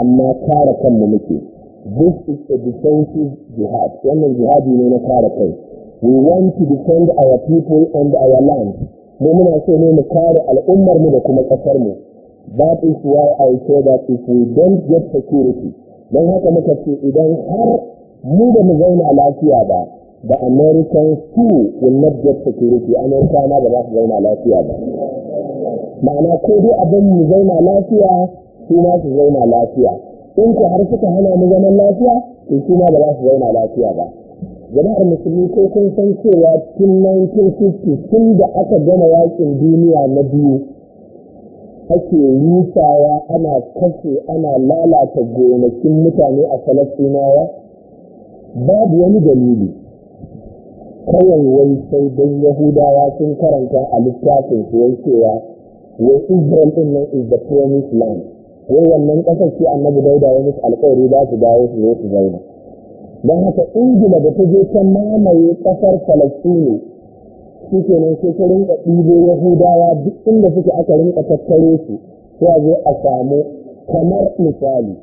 amma kare kanmu muke This is a defensive jihad. Wannan jihadi ne na kare kai. We want to defend our people and our land. Mu muna so ne mu kare al'ummar mu da kuma ƙasar mu. That is why I say that if we don't get security, don haka muka ce idan har mu da mu zauna lafiya ba, the Americans too will not get security. America ma ba za su zauna lafiya ba. Ma'ana ko dai abin mu zauna lafiya, su ma su zauna lafiya. in ku har suka hana mu zaman lafiya to shi ma ba za su zauna lafiya ba jama'ar musulmi ko kun san cewa tun 1950 tun da aka gama yakin duniya na biyu ake rusawa ana kashe ana lalata gonakin mutane a falastinawa babu wani dalili kawai wai sai don yahudawa sun karanta a littafin su wai cewa wai israel din nan is the promised land wai wannan kasar shi annabi dauda ya musu alƙawari za su dawo su zo su zauna don haka ingila da ta je ta mamaye ƙasar falastini shi ke nan sai ta rinka ɗibo yahudawa duk inda suke aka rinka tattare su sai a zo a samu kamar misali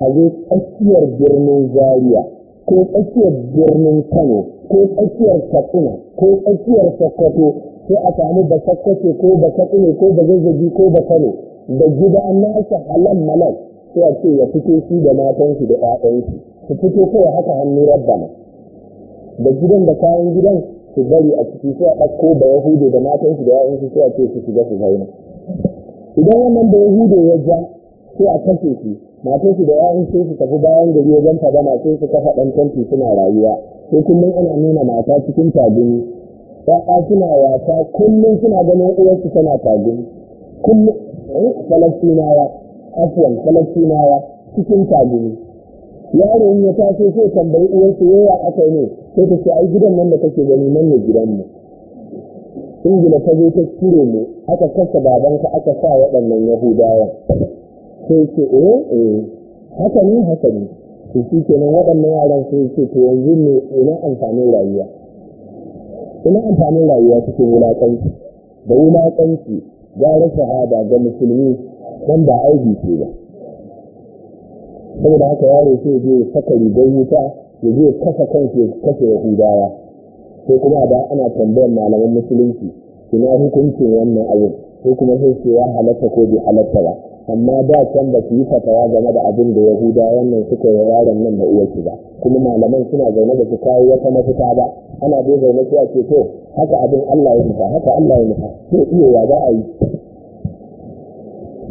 a zo tsakiyar birnin zaria ko tsakiyar birnin kano ko tsakiyar katsina ko tsakiyar sokoto sai a samu ba sokoto ko ba katsina ko ba zazzabi ko ba kano da gida nasa halal malal sai a ce ya fito shi da matansu da ƴaƴan su fito kawai haka hannu rabbana da gidan da kayan gidan su bari a ciki sai a ɗauko da yahudu da matansu da ƴaƴan a ce su shiga su zauna idan wannan da yahudu ya ja sai a kashe shi matansu da ƴaƴan su tafi bayan gari wajen fadama sai su kafa ɗan tanti suna rayuwa sai kullum ana nuna mata cikin tagumi ƴaƴa suna wasa kullum suna ganin uwarsu tana tagumi kullum falastinawa afwan falastinawa cikin tabi'i yaro in ya taso sai tambayi uwarsa yaya aka ne sai ta ce ai gidan nan da kake gani nan ne gidanmu ingila ta zo ta cire mu aka kasa babanka aka sa waɗannan yahudawa sai ce eh eh haka ne haka ne to shi kenan waɗannan yaran sai ce to yanzu ne ina amfanin rayuwa ina amfanin rayuwa cikin wulaƙanci da wulaƙanci rasa hada ga musulmi dan ba aiki ce ba saboda haka yaro sai je saka rigar wuta ya je kasa kansa ya kashe yahudawa sai kuma da ana tambayar malaman musulunci ina hukuncin wannan abin ko kuma sai ce ya halatta ko bai halatta ba amma da can ba su yi fatawa game da abin da ya huda wannan suka yi yaron nan da uwarsu ba kuma malaman suna zaune da su kawo wata mafita ba ana dai zaune su ake to haka abin Allah ya nufa haka Allah ya nufa to iya ya za a yi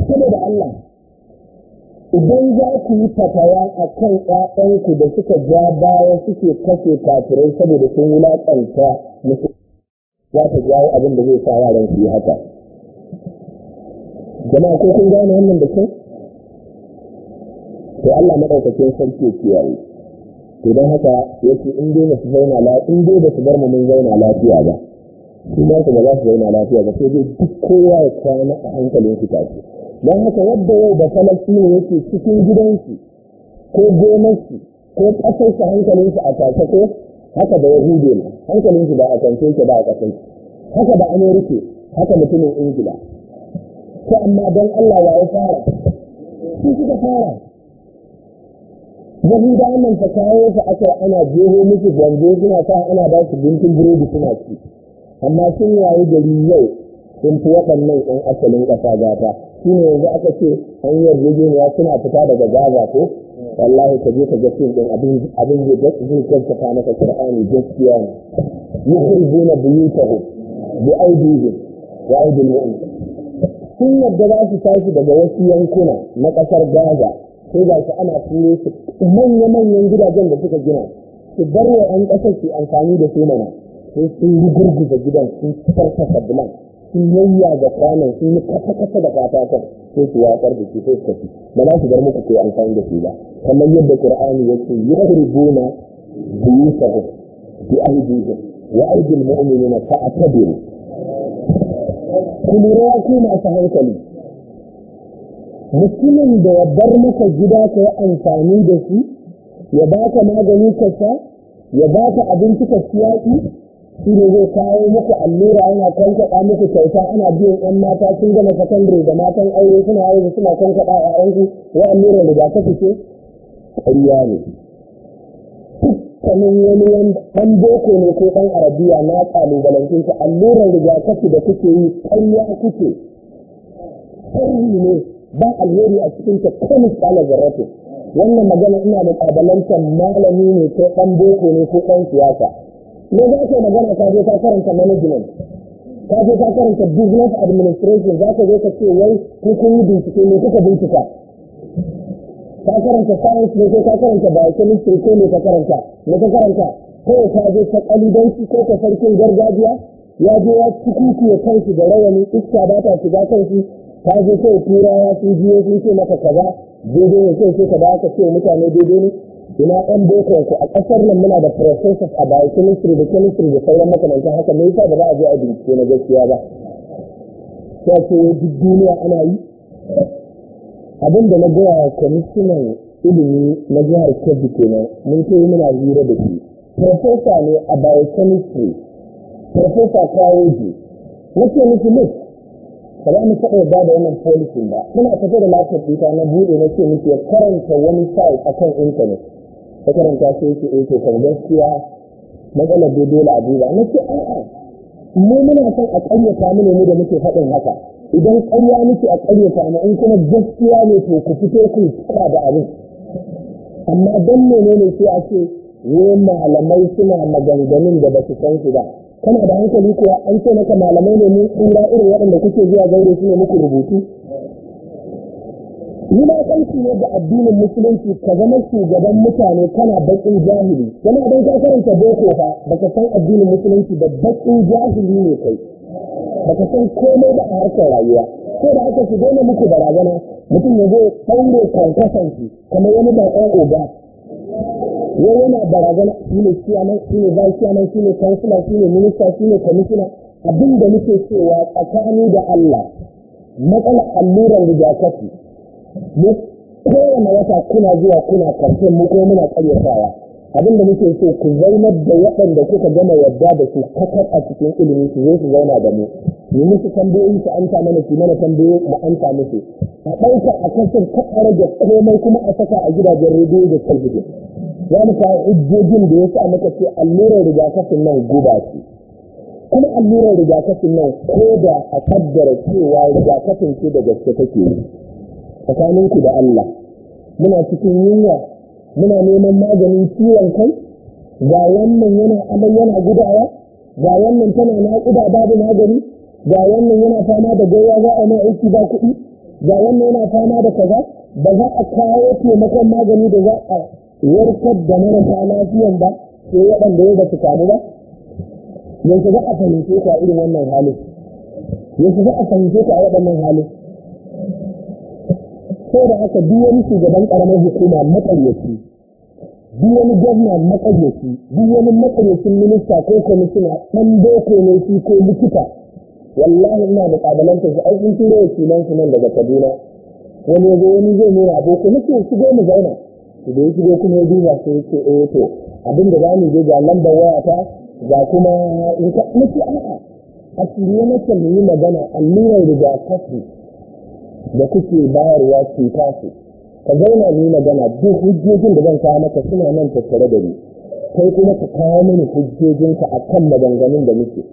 saboda Allah idan za ku yi fatawa a kan ƴaƴanku da suka ja baya suke kashe kafirai saboda sun wulaƙanta musu za ta jawo abin da zai sa yaran su yi haka jama'a ko kun gane wannan da kyau to Allah madaukakin sarki ya kiyaye to don haka yace in dai ba su zauna la in dai ba su bar mu mun zauna lafiya ba su ba su ba su zauna lafiya ba sai dai duk kowa ya kwana a hankalin shi don haka yadda yau da ne yake cikin gidansu ko gonarsu ko hankalin hankalinsu a tashe ko haka da yahudu hankalin hankalinsu ba a kance ke ba a ƙasar haka da amerika haka mutumin ingila ko amma don Allah wa ya fara shi suka fara yahuda nan ta kawo su aka ana jeho musu gwanzo suna sa ana ba su guntun burodi suna ci amma sun yayi gari yau sun fi waɗannan ɗan asalin ƙasa gata shi ne yanzu aka ce hanyar rigeniya suna fita daga gaza ko wallahi ka je ka ga fim din abin abin da zai gaskata maka qur'ani gaskiya ne yukhrijuna buyutahum bi aydihim wa aydil mu'minin sun yadda za su tashi daga wasu yankuna na ƙasar gaza sai ga su ana turo su manya-manyan gidajen da suka gina su bar wa 'yan ƙasar su amfani da su mana sai sun yi gurguza gidan sun karkasa bulan sun yayya ga kwanan sun yi kasa-kasa da katakon sai su watsar da su sai su tafi ba za su bar muku kai amfani da su ba kamar yadda qur'ani ya ce yahribuna buyutahum bi aydihim wa aydil mu'minina fa'tabiru Kulura ku masu hankali mutumin da ya bar maka gida ka yi amfani da shi ya ba ka magani ka ya ba ka abinci ka ki shi ne zai kawo muku allura ana kankaɗa muku kyauta ana biyan 'yan mata sun gama sakandare da matan aure suna aure suna kankaɗa 'ya'yanku wa ba rigakafi ce ƙarya ne dukkanin wani ɗan boko ne ko ɗan arabiya na ƙalubalance shi allurar rigakafi da kuke yi kariya kuke ƙarni ne ba alheri a cikin ta ko misalar zarafi wannan magana ina da ƙabalantar malami ne ko ɗan boko ne ko ɗan siyasa ne za ka magana ka je ka karanta management ka je ka karanta business administration za ka je ka ce wai kun yi bincike ne kuka bincika ka karanta science ne ko ka karanta biochemistry ko ne ka karanta ne ka karanta ko ka je ta kalibanci ko ka sarkin gargajiya ya je ya cikuku ya kansu da rawani iska ba ta shiga kansu ka je kai tura ya sun biyo sun ce maka kaza daidai ne sai ka ba ka ce mutane daidai ne ina ɗan boko ku a ƙasar nan muna da professors a biochemistry da chemistry da sauran makamantan haka me yasa ba za a je a bincike na gaskiya ba sai ce duk duniya ana yi abin da na gaya kwamishinan ilimi na jihar kebbi kenan mun ce muna hira da shi Profesa ne a biochemistry farfesa kayoji wace miki nufi, ba za mu taɓa yarda da wannan policin ba muna tafi da laptop ɗita na buɗe na ce miki karanta wani site akan kan intanet ta karanta sai yake yake eh, kan gaskiya matsalar dai dole a duba na ce a'a mu muna son a ƙaryata mu ne da muke faɗin haka idan ƙarya nake a ta na in kuma gaskiya ne to ku fito ku tsara da abin amma don mene ne sai a ce ne malamai suna maganganun da ba su san su ba kana da hankali kuwa an ce maka malamai ne mu tsira irin waɗanda kuke zuwa gaire su ne muku rubutu ni na san shi ne da addinin musulunci ka zama shugaban mutane kana baƙin jahili kana dai ka karanta boko fa baka san addinin musulunci da baƙin jahili ne kai ka san komai ba a harkar rayuwa ko da aka shi dole muku barazana mutum ya zo saure kwankwasan shi kamar wani ɗan oga yau yana barazana shi ne ciyaman shi ne vice shi ne kansila shi ne minista shi ne kwamishina abin da muke cewa tsakani da Allah matsalar alluran rigakafi mu kowane wata kuna zuwa kuna karshen mu ko muna karyatawa abin da muke so ku zaunar da waɗanda kuka gama yadda da su kakar a cikin ilimi su zo su zauna da mu yi musu tambayoyi su amsa mana su mana tambayoyi mu amsa musu a ɗauka a kasar kakar da komai kuma a saka a gidajen rediyo da talbijin ya muka hujjojin da ya sa maka ce allurar rigakafin nan guba ce kuma allurar rigakafin nan ko da a kaddara cewa rigakafin ce da gaske take yi tsakaninku da Allah muna cikin yunwa muna neman maganin ciwon kai ga wannan yana amai yana gudawa ga wannan tana naƙuda babu magani ga wannan yana fama da gaiwa za a mai aiki ba kuɗi ga wannan yana fama da kaza ba za a kawo taimakon magani da za a warkar da marasa lafiyan ba sai waɗanda ya ba su kamu ba yanzu za a fahimce ka irin wannan halin yanzu za a fahimce ka a waɗannan halin ko da haka duk wani shugaban karamar hukuma makaryaci duk wani gwamna makaryaci duk wani makaryacin minista ko kwamishina ɗan boko ne shi ko likita wallahi ina da kabalanta su ai in turo shi nan nan daga kaduna wani yazo wani zai nuna abokai nake shigo mu zauna da ya kuma ya duba sai ya eh to abin da zamu je ga lambar waya ta ga kuma in ka nake a'a a cikin wannan mu yi magana allurar rigakafi da kuke bayarwa cuta ce ka zauna ni magana duk hujjojin da zan kawo maka suna nan tattare da ni kai kuma ka kawo mini hujjojinka a kan maganganun da muke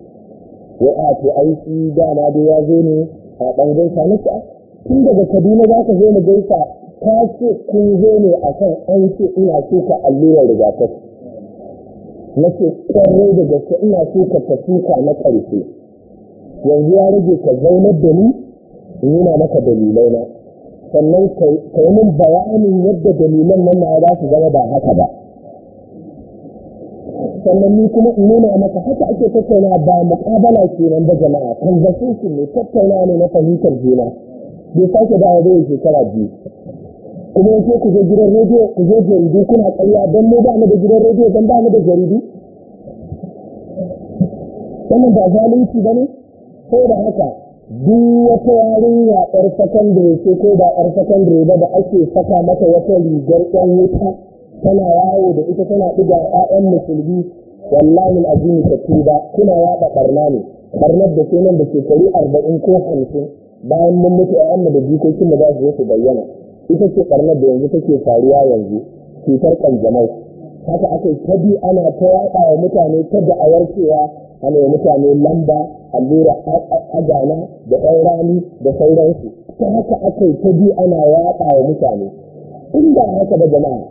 wai a ce ai shi dama dai ya zo ne a ɓangon sa tun daga kaduna za ka zo mu gaisa ka ce kun zo ne a kan an ina so ka allurar rigakafi na ce kwarai da gaske ina so ka ta na ƙarfe. yanzu ya rage ka zaunar da ni in nuna maka dalilai na sannan ka yi min bayanin yadda dalilan nan na za su zama ba haka ba sannan ni kuma in nuna maka haka ake tattauna ba muƙabala kenan ba jama'a su ne tattauna ne na fahimtar juna bai sake a zai shekara biyu kuma yake ku je gidan rediyo ku je jaridu kuna karya don mu ba mu da gidan rediyo don ba mu da jaridu wannan ba zalunci ba ne ko da haka duk wata yarinya yar sakandare ce ko ba yar sakandare ba da ake saka mata wata rigar ɗan wuta tana yawo da ita tana ɗiga ƴaƴan musulmi wallahi azimi ta tuba kuna yaɗa ɓarna ne ɓarnar da ke nan da shekaru arba'in ko hamsin bayan mun mutu ƴaƴan mu da jikokin mu za su su bayyana ita ce ɓarnar da yanzu take faruwa yanzu cutar ƙanjamau haka aka ta ana ta yaɗa wa mutane ta da'awar cewa ana mutane lamba allura gana, da ɗan rani da sauransu ta haka aka ta biyu ana yaɗa wa mutane inda haka da jama'a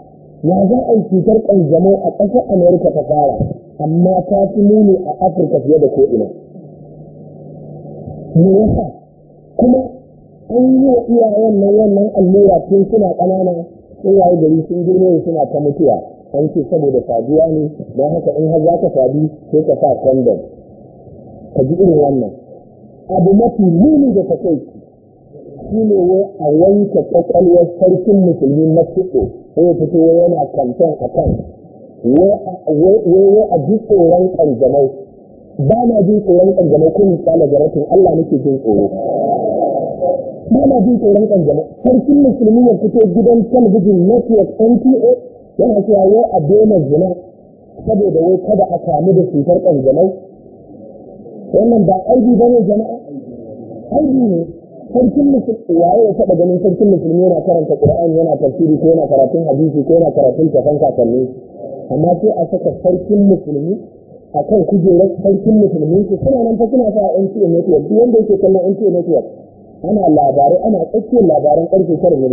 ya za a yi cutar ƙanjamau a ƙasar Amurka ta fara amma ta fi muni a afirka fiye da ko'ina me yasa kuma an yi wa iyayen nan wannan allura tun suna ƙanana sun yayi gari sun girme suna ta mutuwa an ce saboda saduwa ne don haka in har za ka sadu sai ka sa kwandon ka ji irin wannan abu mafi muni da ka kai shi ne wai a wanke kwakwalwar sarkin musulmi na fito sai ya fito wai yana kwanton a kan wai a ji tsoron ƙanjamau ba na jin tsoron ƙanjamau ko misali garatin Allah nake jin tsoro ba na ji tsoron ƙanjamau sarkin musulmi ya fito gidan talabijin network NTA yana cewa wai a daina zina saboda wai kada a kamu da cutar ƙanjamau wannan ba aibi ba ne jama'a aibi ne sarkin musulmi waye ya taɓa ganin sarkin musulmi yana karanta ƙur'ani yana tafsiri ko yana karatun hadisi ko yana karatun tafan kakanni amma sai a saka sarkin musulmi a kan kujerar sarkin musulmi suna nan fa suna sa a NCA network duk wanda yake kallon NCA network ana labarai ana tsakiyar labaran karfe tara na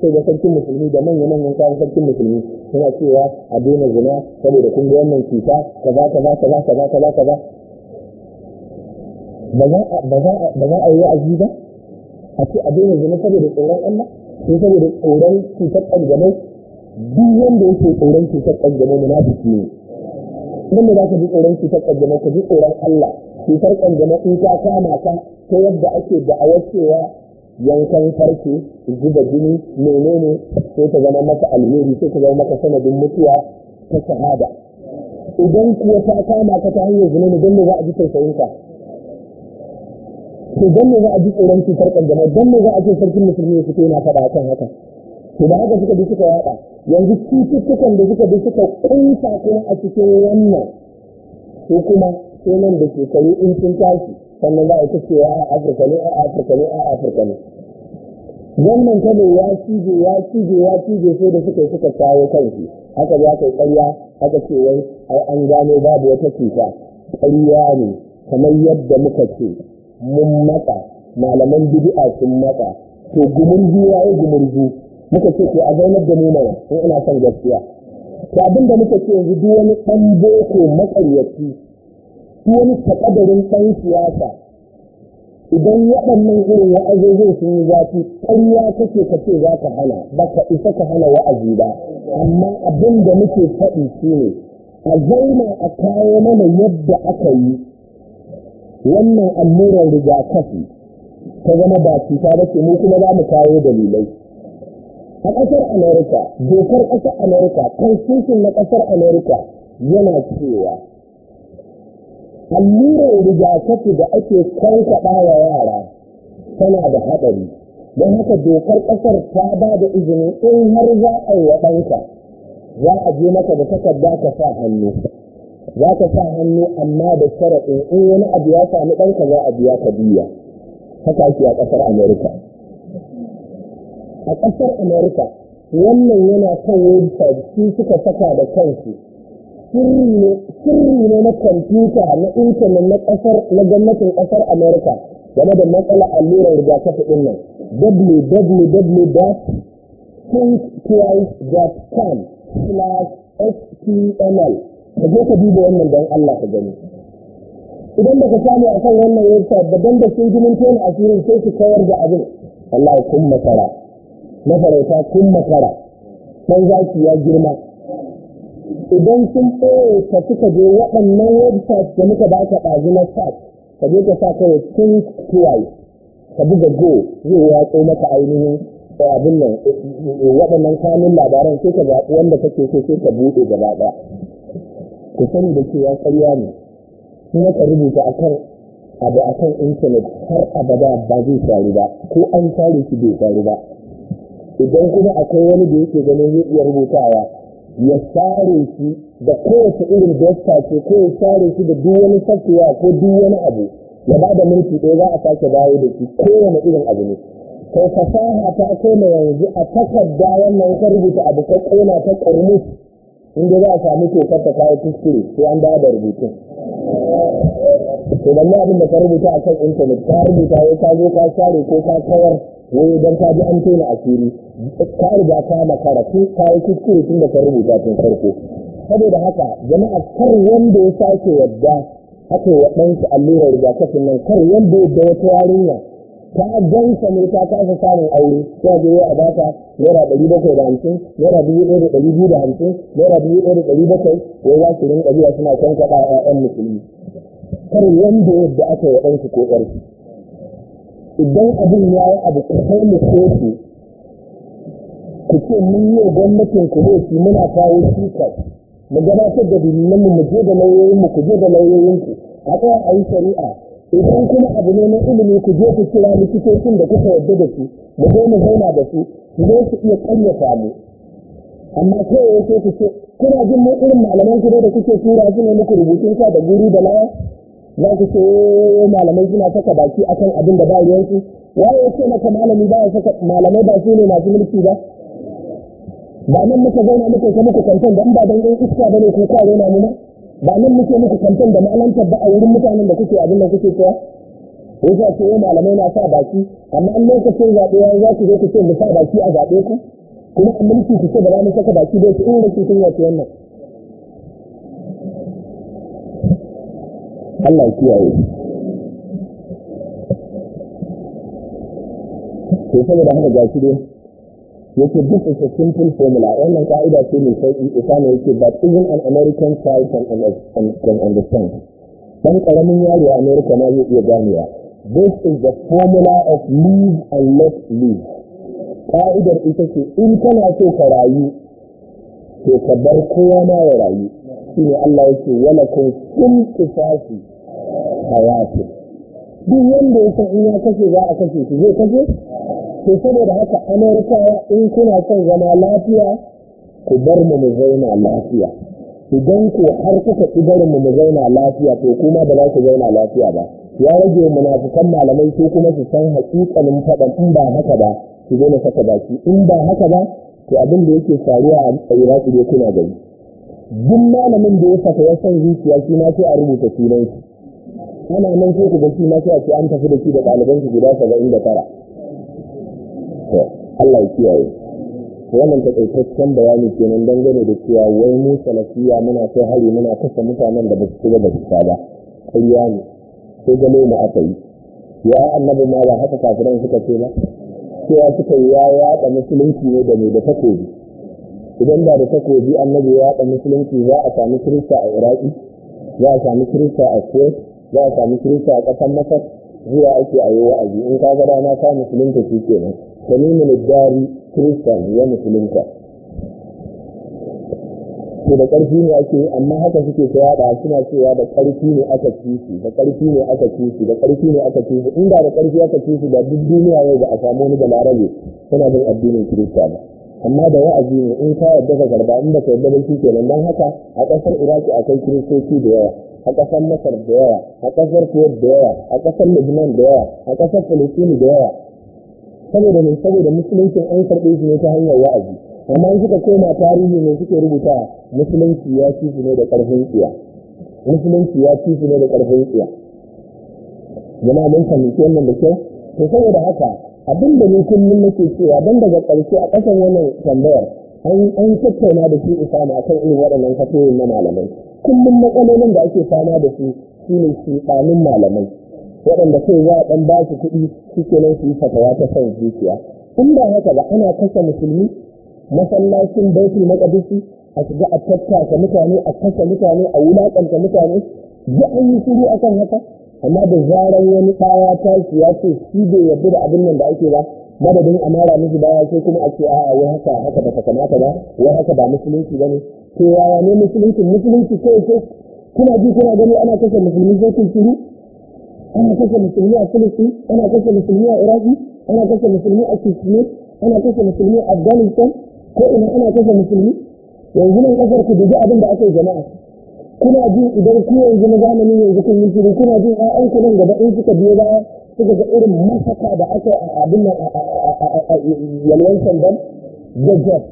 sai ga sarkin musulmi da manya manyan kawo sarkin musulmi suna cewa a daina zina saboda kun ga wannan cuta ka za ka za ka za. ba za a yi wa'azi ba a ce a daina zina saboda tsoron Allah ko saboda tsoron cutar ƙanjamau duk wanda yake tsoron cutar ƙanjamau munafiki ne idan ne za ka ji tsoron cutar ƙanjamau ka ji tsoron Allah cutar ƙanjamau in ta kama ka ta yadda ake da cewa yankan farce zuba jini menene sai ta zama maka alheri sai ta zama maka sanadin mutuwa ta shahada idan kuwa ta kama ka ta hanyar zunubi don me za a ji tausayin ka to don me za a ji tsoron cutar kanjamau don me za a ce sarkin musulmi ya fito yana faɗa kan haka to da haka suka bi suka yaɗa yanzu cututtukan da suka bi suka kunsa kuma a cikin wannan ko kuma sai nan da shekaru in sun tashi sannan za a cewa a afirka ne a afirka ne a afirka ne wannan kano ya cije ya cije ya cije sai da suka suka kawo kansu haka za ka yi karya haka ce wai an gano babu wata cuta Ƙarya ne kamar yadda muka ce mun matsa malaman bidi'a sun matsa to gumurzu ya yi gumurzu muka ce ko a zaunar da mu mana in ina son gaskiya to abin da muka ce yanzu duk wani ɗan boko maƙaryaci shi wani takadarin ɗan siyasa idan waɗannan irin wa'azozo sun yi zafi ƙarya kake ka ce za ka hana ba ka isa ka hana wa'azi ba amma abin da muke faɗi shi ne a zauna a kawo mana yadda aka yi wannan allurar rigakafi ta zama ba cuta ba ce mu kuma za mu kawo dalilai a ƙasar amerika dokar ƙasar amerika constitution na ƙasar amerika yana cewa allurar rigakafi da ake kankaɗa wa yara tana da haɗari don haka dokar ƙasar ta ba da izini in har za a yi waɗanka za a je maka da takarda ka sa hannu za ka sa hannu amma da sharaɗin in wani abu ya sami ɗanka za a biya ka biya haka ake a ƙasar Amurka. a ƙasar Amurka, wannan yana kan website su suka saka da kansu sirri ne na kwamfuta na intanet na kasar na gwamnatin kasar amerika game da matsala allurar rigakafi din nan www.thinktwice.com slash html ka je ka duba wannan don allah ka gani idan da ka samu a kan wannan website da da sun ji mun asirin sai su kawar da abin allah kun makara farauta kun makara dan zaki ya girma idan sun ɓoye ka suka je waɗannan website da muka ka ɗazu na sat ka je ka sa kawai tun kuwai ka buga go zai watso maka ainihin eh, abin nan eh, eh, waɗannan kanun labaran sai ka zaɓi wanda kake so sai ka buɗe gaba ɗaya ku sani da cewa ƙarya ne kuma ka rubuta akan abu akan intanet har abada ba zai faru ba ko an tare shi bai faru ba idan kuma akwai wani da yake ganin zai iya rubutawa ya tsare shi da kowace irin dasta ce ko ya tsare shi da duk wani sakewa ko duk wani abu ya ba da mulki ɗaya za a sake dawo da shi kowane irin abu ne kai fasaha ta kai na yanzu a takarda wannan ka rubuta abu ka kona ta ƙarmus inda za a sami tokar ta kayi kuskure sai an dawo da rubutun to balle abin da ka rubuta a kan intanet ka rubuta ya ka zo ka share ko ka kawar wai dan ka ji an tona asiri ka riga ka makara ko ka yi kuskure tun da ka rubuta tun farko saboda haka jama'a kar wanda ya sake yadda haka ya ɗansa allurar rigakafin nan kar wanda ya da wata yarinya ta gansa ne ta kasa samun aure ta je ya bata naira ɗari bakwai da hamsin naira dubu ɗaya da ɗari biyu da hamsin naira dubu ɗaya da ɗari bakwai wai za su rinka zuwa suna canza ɗaya ƴaƴan musulmi kar wanda yadda aka yi ɗansu ko ƙarfi idan abin ya yi abu ku kai mu ku ce mun yi gwamnatin ku ne su muna kawo cikas mu gabatar da dalilan mu je da lauyoyin mu ku je da lauyoyin ku a tsaya a yi shari'a idan kuma abu ne na ilimi ku je ku kira likitocin da kuka yarda da su mu je mu zauna da su su zo su iya ƙaryata mu amma kawai ce ku ce kuna jin mu irin malaman ku da kuke tura su ne muku rubutun sa da guri da laya za ku ce eh, malamai suna saka baki akan abin da ba ruwansu waye ce maka malami ba saka malamai ba su ne masu mulki ba ba nan muka zauna muka ta muku kanton da in ba dangin iska ne ko kwa zauna mu ba nan muke muku kanton da malantar ba a wurin mutanen da kuke abin da kuke cewa yasa ce eh, malamai na sa baki amma an lokacin zaɓe ya za ku zo ku ce mu sa baki a zaɓe ku kuma a mulki ku ce ba za mu saka baki dai ku in da ku sun yace wannan Allah ya kiyaye to saboda haka ga shi dai yake duk is a simple formula wannan ka'ida ce mai sauƙi, Isa ne yake but even an American child can understand dan karamin yaro a America ma zai iya ganewa this is the formula of leave and let leave. ka'idar ita ce in kana so ka rayu to ka bar kowa ma ya rayu ne Allah yake wala kun sun tufafi ce, duk wanda ya san in ya kashe za a kashe shi zai kashe to saboda haka amurkawa in kuna son zama lafiya ku bar mu mu zauna lafiya idan ku har kuka ki bar mu mu zauna lafiya to kuma ba za ku zauna lafiya ba ya rage munafukan malamai su kuma su san haƙiƙanin faɗan in ba haka ba su zo na saka baki in ba haka ba to abin da yake faruwa a iraki dai kuna gani duk malamin da ya saka ya san zuciya shi ma sai a rubuta sunan shi ana nan sai ku ga shi ce an tafi da shi da ɗaliban su guda saba'in da tara to Allah ya kiyaye wannan takaitaccen bayani kenan dangane da cewa wai mu salafiya muna kai hari muna kasa mutanen da basu su da bisa ba ya ne sai ga mu aka yi ya annabi ma ba haka kafiran suka ce ba cewa suka yi ya yaɗa musulunci ne da mai da takobi idan ba da takobi annabi ya yaɗa musulunci za a sami kirista a iraki za a sami kirista a kuwait za a sami kirista a ƙasar masar zuwa ake a yi wa'azi in ka ga rana ka musulunta shi ke nan tamimin dari kirista ya musulunta to da ƙarfi ne ake yi amma haka suke ta yada suna cewa da ƙarfi ne aka ci da ƙarfi ne aka ci da ƙarfi ne aka ci inda da ƙarfi aka ci da duk duniya yau ba a samu wani balarabe suna bin addinin kirista ba amma da wa'azi ne in ka yarda ka karba in ba ka yarda ba shi nan. don haka a ƙasar iraki akwai kiristoci da yawa a ƙasar masar da yawa a ƙasar kuwait da yawa a ƙasar lebanon da yawa a ƙasar Filistini da yawa saboda ne saboda musuluncin an karɓe shi ne ta hanyar wa'azi amma in suka koma tarihi ne suke rubuta musulunci ya ci ne da ƙarfin tsiya musulunci ya ci ne da ƙarfin tsiya jama'a mun fahimci wannan da kyau to saboda haka abin da ni kullum nake cewa dan daga ƙarshe a ƙasan wannan tambayar an tattauna da shi isama akan irin waɗannan fatoyin na malamai kullum matsalolin da ake fama da su shi ne shiɗanin malamai waɗanda sai za ɗan ba su kuɗi su ke nan su yi fatawa ta son zuciya in ba haka ba ana kasa musulmi masallacin baitul maqdisi a shiga a tattaka mutane a kasa mutane a wulaƙanta mutane duk an yi shiru akan haka amma da zaran wani ɗaya tashi ya ce shi bai yarda da abin nan da ake ba madadin amara miji baya sai kuma ake a wai haka haka ba ta kamata ba wai haka ba musulunci ne. to yaya ne musulunci musulunci sai ko kuna ji kuna gani ana kashe musulmi sai kun shiru ana kashe musulmi a Filistin ana kashe musulmi a Iraki ana kashe musulmi a Kismet ana kashe musulmi a Afghanistan ko ina ana kashe musulmi yanzu nan kasar ku dubi abin da ake jama'a kuna jin idan ku yanzu na zamanin yanzu kun yi shiru kuna jin ƴaƴan ku nan gaba in suka biyo baya suka ga irin masaka da aka a abin nan yalwan sandan da jas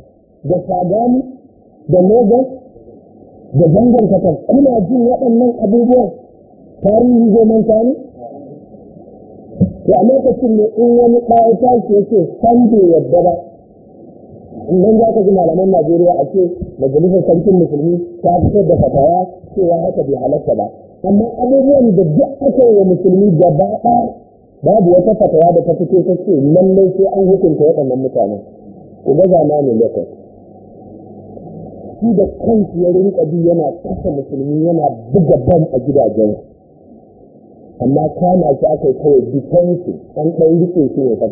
da shagani da lagos da zangon katar kuna jin waɗannan abubuwan tarihi zai manta ne a lokacin ne in wani ɗaya tashi yake kan bai yadda ba nan za ka ji malaman Najeriya a ce majalisar sarkin musulmi ta fitar da fatawa cewa haka bai halatta ba amma abubuwan da duk aka yi wa musulmi gaba ɗaya babu wata fatawa da ta fito ta ce lallai sai an hukunta waɗannan mutane ku ga zamani lokaci shi da kansu ya rinka bi yana kasa musulmi yana buga bam a gidajen amma kama shi aka yi kawai dukansu an ɗan rike shi ne ta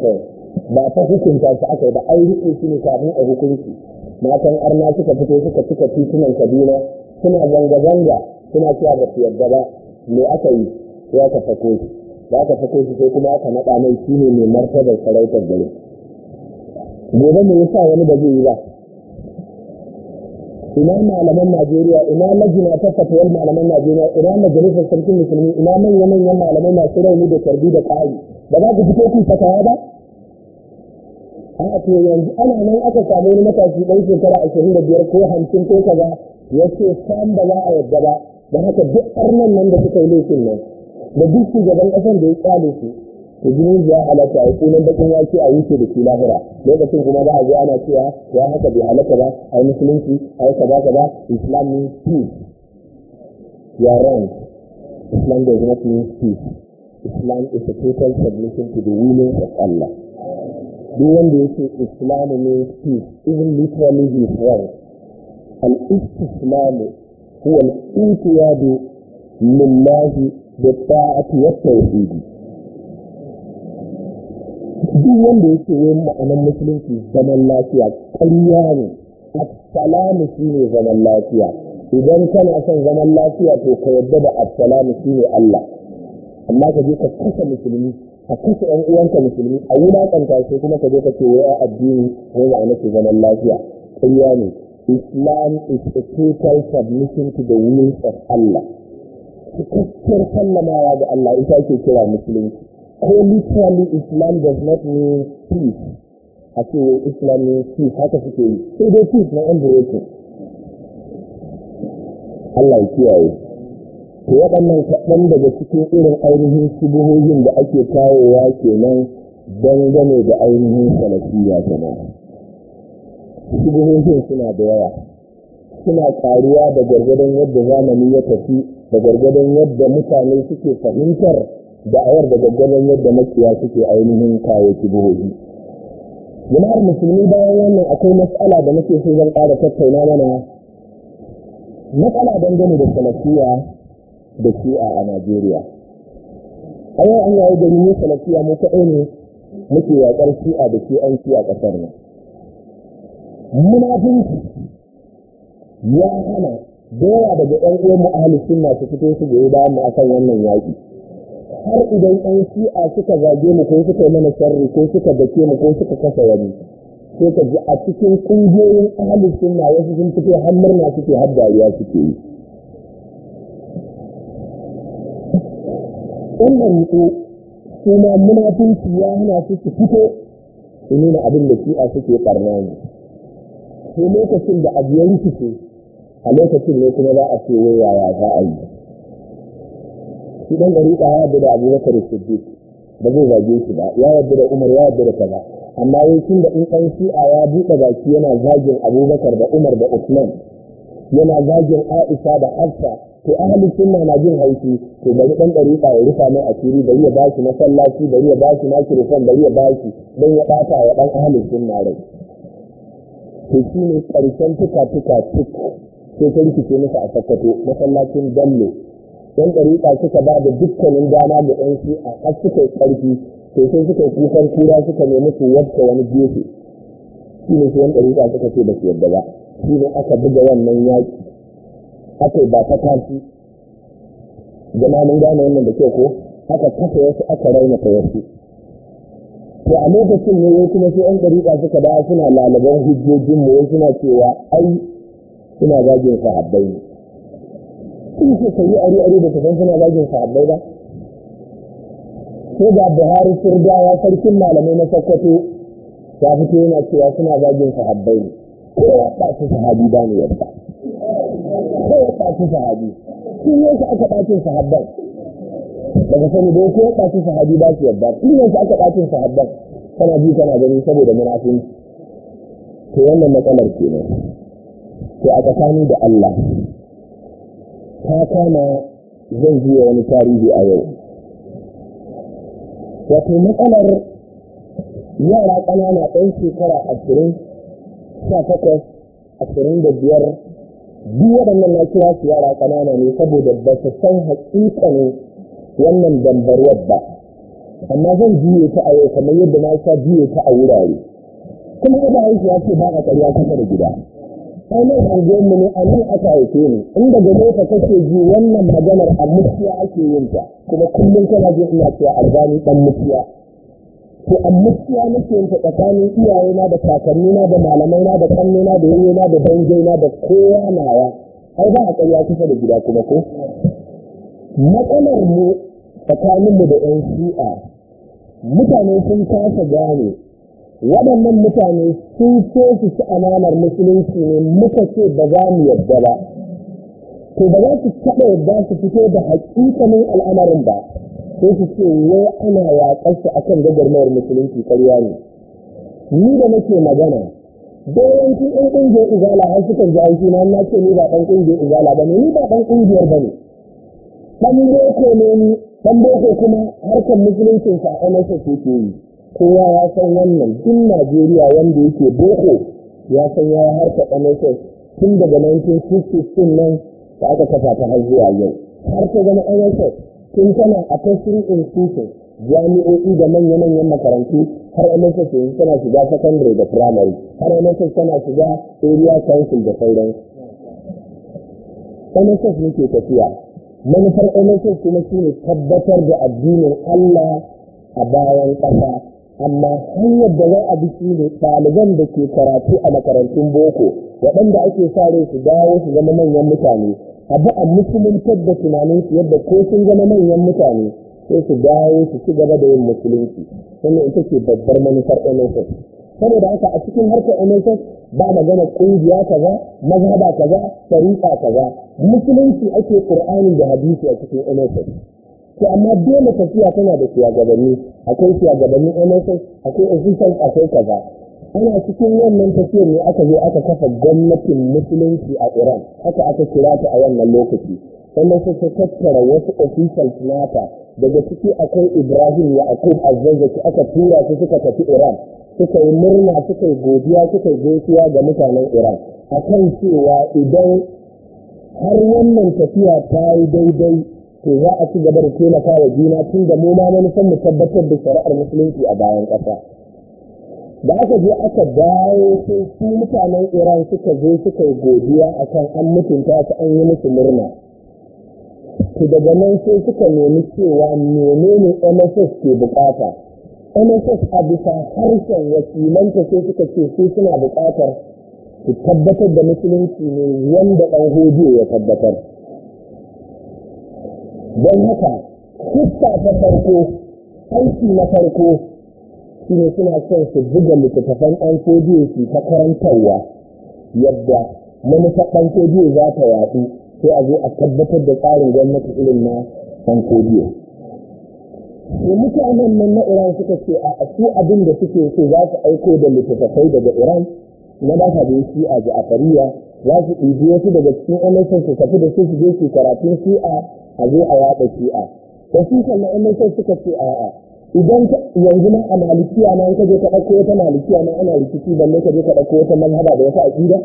ba ta hukunta shi aka yi ba ai hukun shi ne kafin a hukunci matan arna suka fito suka cika titunan kabila suna zanga-zanga suna cewa ba su yarda ba me aka yi Ya ka fako shi ba ka fako shi sai kuma aka naɗa mai shi ne mai martabar sarautar gari gobe me yasa wani ba zai yi ba ina malaman Najeriya ina majina ta fatuwar malaman Najeriya ina majalisar sarkin musulmi ina manya-manyan malamai masu rauni da karbi da ƙari ba za ku fito ku fatawa ba an a yanzu ana nan aka samu wani matashi ɗan shekara ashirin da biyar ko hamsin ko kaza ya ce sam ba za a yadda ba da haka duk arnan nan da suka yi laifin nan da duk shugaban ƙasar da ya tsale su to jinin ya halatta a sunan bakin wake a wuce da ke lahira lokacin kuma za a zo ana cewa ya haka bai halatta ba a musulunci a yi kaza kaza islam su peace you are islam does not mean peace islam is a total submission to the will of allah duk wanda yake islamu ne shi even literally he is wrong al-istislamu huwa al-intiyadu lillahi da ta'ati wa tawhidi duk wanda yake yin ma'anar musulunci zaman lafiya kariya ne assalamu shine zaman lafiya idan kana son zaman lafiya to ka yadda da assalamu shine Allah amma ka je ka kasa musulunci. ka kusa ɗan uwanka musulmi a yi lakanta sai kuma ka je ka ce addini addini wai ba nake zaman lafiya ƙarya ne islam is a total submission to the will of Allah cikakkiyar sallamawa ga Allah ita ake kira musulunci ko literally islam does not mean peace a ce islam mean peace haka suke yi sai dai peace na yake Allah ya kiyaye to waɗannan kaɗan daga cikin irin ainihin shubuhohin da ake kawowa kenan dangane da ainihin salafiya kenan shubuhohin suna da yawa suna ƙaruwa da gargadon yadda zamani ya tafi da gargadon yadda mutane suke fahimtar da da'awar da gwargwadon yadda makiya suke ainihin kawo shubuhohi jama'ar musulmi bayan wannan akwai matsala da muke so zan ƙara tattauna mana matsala dangane da salafiya da shi'a a Najeriya. A yau an yayi gari ne salafiya mu kaɗai ne muke yaƙar shi'a da an shi'a ƙasar nan. Munafinci ya hana daga ɗan uwan mu ahli sunna su fito su goyi bayan mu akan wannan yaƙi. Har idan ɗan shi'a suka zage mu ko suka yi mana sharri ko suka dake mu ko suka kasa wani. Sai ka ji a cikin ƙungiyoyin ahli sunna wasu sun fito har murna suke har dariya suke yi. wannan ne kuma munafunci ya hana su su fito su nuna abin da shi'a suke ɓarna ne ko lokacin da abu ya rikice a lokacin ne kuma za a ce wai yaya za a yi shi dan ɗari ya da abu su siddiq ba zai zage shi ba ya yadda da umar ya yadda da kaza amma yankin da in ɗan shi'a ya buɗe baki yana zagin abubakar da umar da usman yana zagin aisha da hafsa to ahalin sunna na jin haushi to bari dan dariƙa ya rufa mai asiri bari ya bashi masallaci bari ya bashi makirofon bari ya bashi don ya ɓata wa ɗan ahalin sunna rai to shi ne ƙarshen tuka tuka tuk sai ta rikice musu a sakkwato masallacin dallo yan ɗariƙa suka ba da dukkanin dama da ɗan a har suka yi ƙarfi to sai suka yi kukan kura suka nemi su wadda wani gefe shi ne su yan ɗariƙa suka ce ba su yadda ba shi ne aka buga wannan yaƙi aka ba ta kashi gama mun gane wannan da kyau ko haka kafa wasu aka raina ta wasu to a lokacin ne wasu kuma sai yan dariƙa suka ba suna lalaban hujjojin mu wasu suna cewa ai suna zagin sahabbai sun ce sai ari ari da kasan suna zagin sahabbai ba sai ga buhari sirgawa sarkin malamai na sokoto ta fito yana cewa suna zagin sahabbai ne kowa ba su sahabi ba ne yadda sai ya ɓaci sahabi shi ne shi aka ɓacin sahabban daga sani da yake ya ɓaci sahabi ba su yadda shi ne shi aka ɓacin sahabban kana ji kana gani saboda munafunci to wannan matsalar kenan to a tsakani da Allah ta kama zai zuwa wani tarihi a yau wato matsalar yara ƙanana ɗan shekara ashirin sha takwas ashirin da biyar duk waɗannan na kira su yara ƙanana ne saboda ba su san haƙiƙanin wannan dambarwar ba amma zan juye ta a yau kamar yadda na sha juye ta a wurare kuma ina aiki ya ce ba a ƙarya kusa da gida ai nan hangen mu ne a nan aka aike ni in daga nesa kake ji wannan maganar a mutuwa ake yin ta kuma kullum kana jin ina cewa albani dan mutuwa to ammuciya nake yin ta tsakanin iyayena da kakannina da malamaina da kannina da yayyena da dangaina da kowa nawa ai ba a tsaya kusa da gida kuma ko matsalar mu tsakaninmu da yan shi'a mutane sun kasa gane waɗannan mutane sun so su ci alamar musulunci ne muka ce ba za mu yarda ba to ba za su taɓa yarda su fito da haƙiƙanin al'amarin ba sai su ce wai ana yaƙar shi akan gagarmayar musulunci karya ne ni da nake magana yawancin ɗan ƙungiyar izala har sukan ji aiki na na ce ni ba ɗan ƙungiyar izala ba ne ni ba ɗan ƙungiyar ba ne ɗan boko ne ni ɗan boko kuma harkar musuluncin sa a nasa ke yi kowa ya san wannan duk najeriya wanda yake boko ya san ya harkar nss tun daga 1960 nan da aka kafa ta har zuwa yau har ta zama nss sun tana a sun institution jami'o'i da manya-manyan makarantu har MSS yanzu tana shiga sakandare da firamare, har MSS tana shiga area council da sauran MSS ne ke tafiya manufar MSS kuma shi ne tabbatar da addinin Allah a bayan ƙasa amma hanyar da za a bi shi ne ɗaliban da ke karatu a makarantun boko waɗanda ake sa rai su dawo su zama manyan mutane abu a musuluntar da su yadda ko sun zama manyan mutane sai su dawo su ci gaba da yin musulunci sannan ita ce babbar manufar NSS saboda haka a cikin harkar NSS ba magana kungiya kaza mazhaba kaza tariqa kaza musulunci ake ƙur'ani da hadisi a cikin NSS to amma dole tafiya tana da shugabanni akwai shugabannin NSS akwai officials akwai kaza ana cikin wannan tafiyar ne aka zo aka kafa gwamnatin musulunci a iran haka aka kira ta a wannan lokaci sannan sai ta tattara wasu official nata daga ciki akwai ibrahim ya akub shi aka tura su suka tafi iran suka yi murna suka yi godiya suka yi gaisuwa ga mutanen iran akan cewa idan har wannan tafiya ta yi daidai to za a ci gaba da taimaka wa juna tun da mu ma manufan mu tabbatar da shari'ar musulunci a bayan ƙasa da aka je aka dawo sai su mutanen iran suka zo suka yi godiya kan an mutunta su an yi musu murna su daga nan sai suka nemi cewa menene nss ke bukata nss a bisa harshen wakilanta sai suka ce su suna bukatar su tabbatar da musulunci ne wanda ɗan hodiyo ya tabbatar don haka kusa ta farko aiki na farko shi ne suna son su buga littattafan ɗan kodiyo su ta karantarwa yadda manufa ɗan kodiyo za ta yaɗu sai a zo a tabbatar da tsarin gwamnati irin na ɗan kodiyo ne mutanen nan na iran suka ce a su abin da suke so za su aiko da littattafai daga iran na ba mazhabin shi a ja'afariya za su ɗibi wasu daga cikin emerson su tafi da su su je su karatun shi'a a zo a yaɗa shi'a da su sannan emerson suka ce a'a idan yanzu ma a malikiya na ka je ka ɗauko wata malikiya na ana rikici balle ka je ka ɗauko wata manhaba da wata aƙida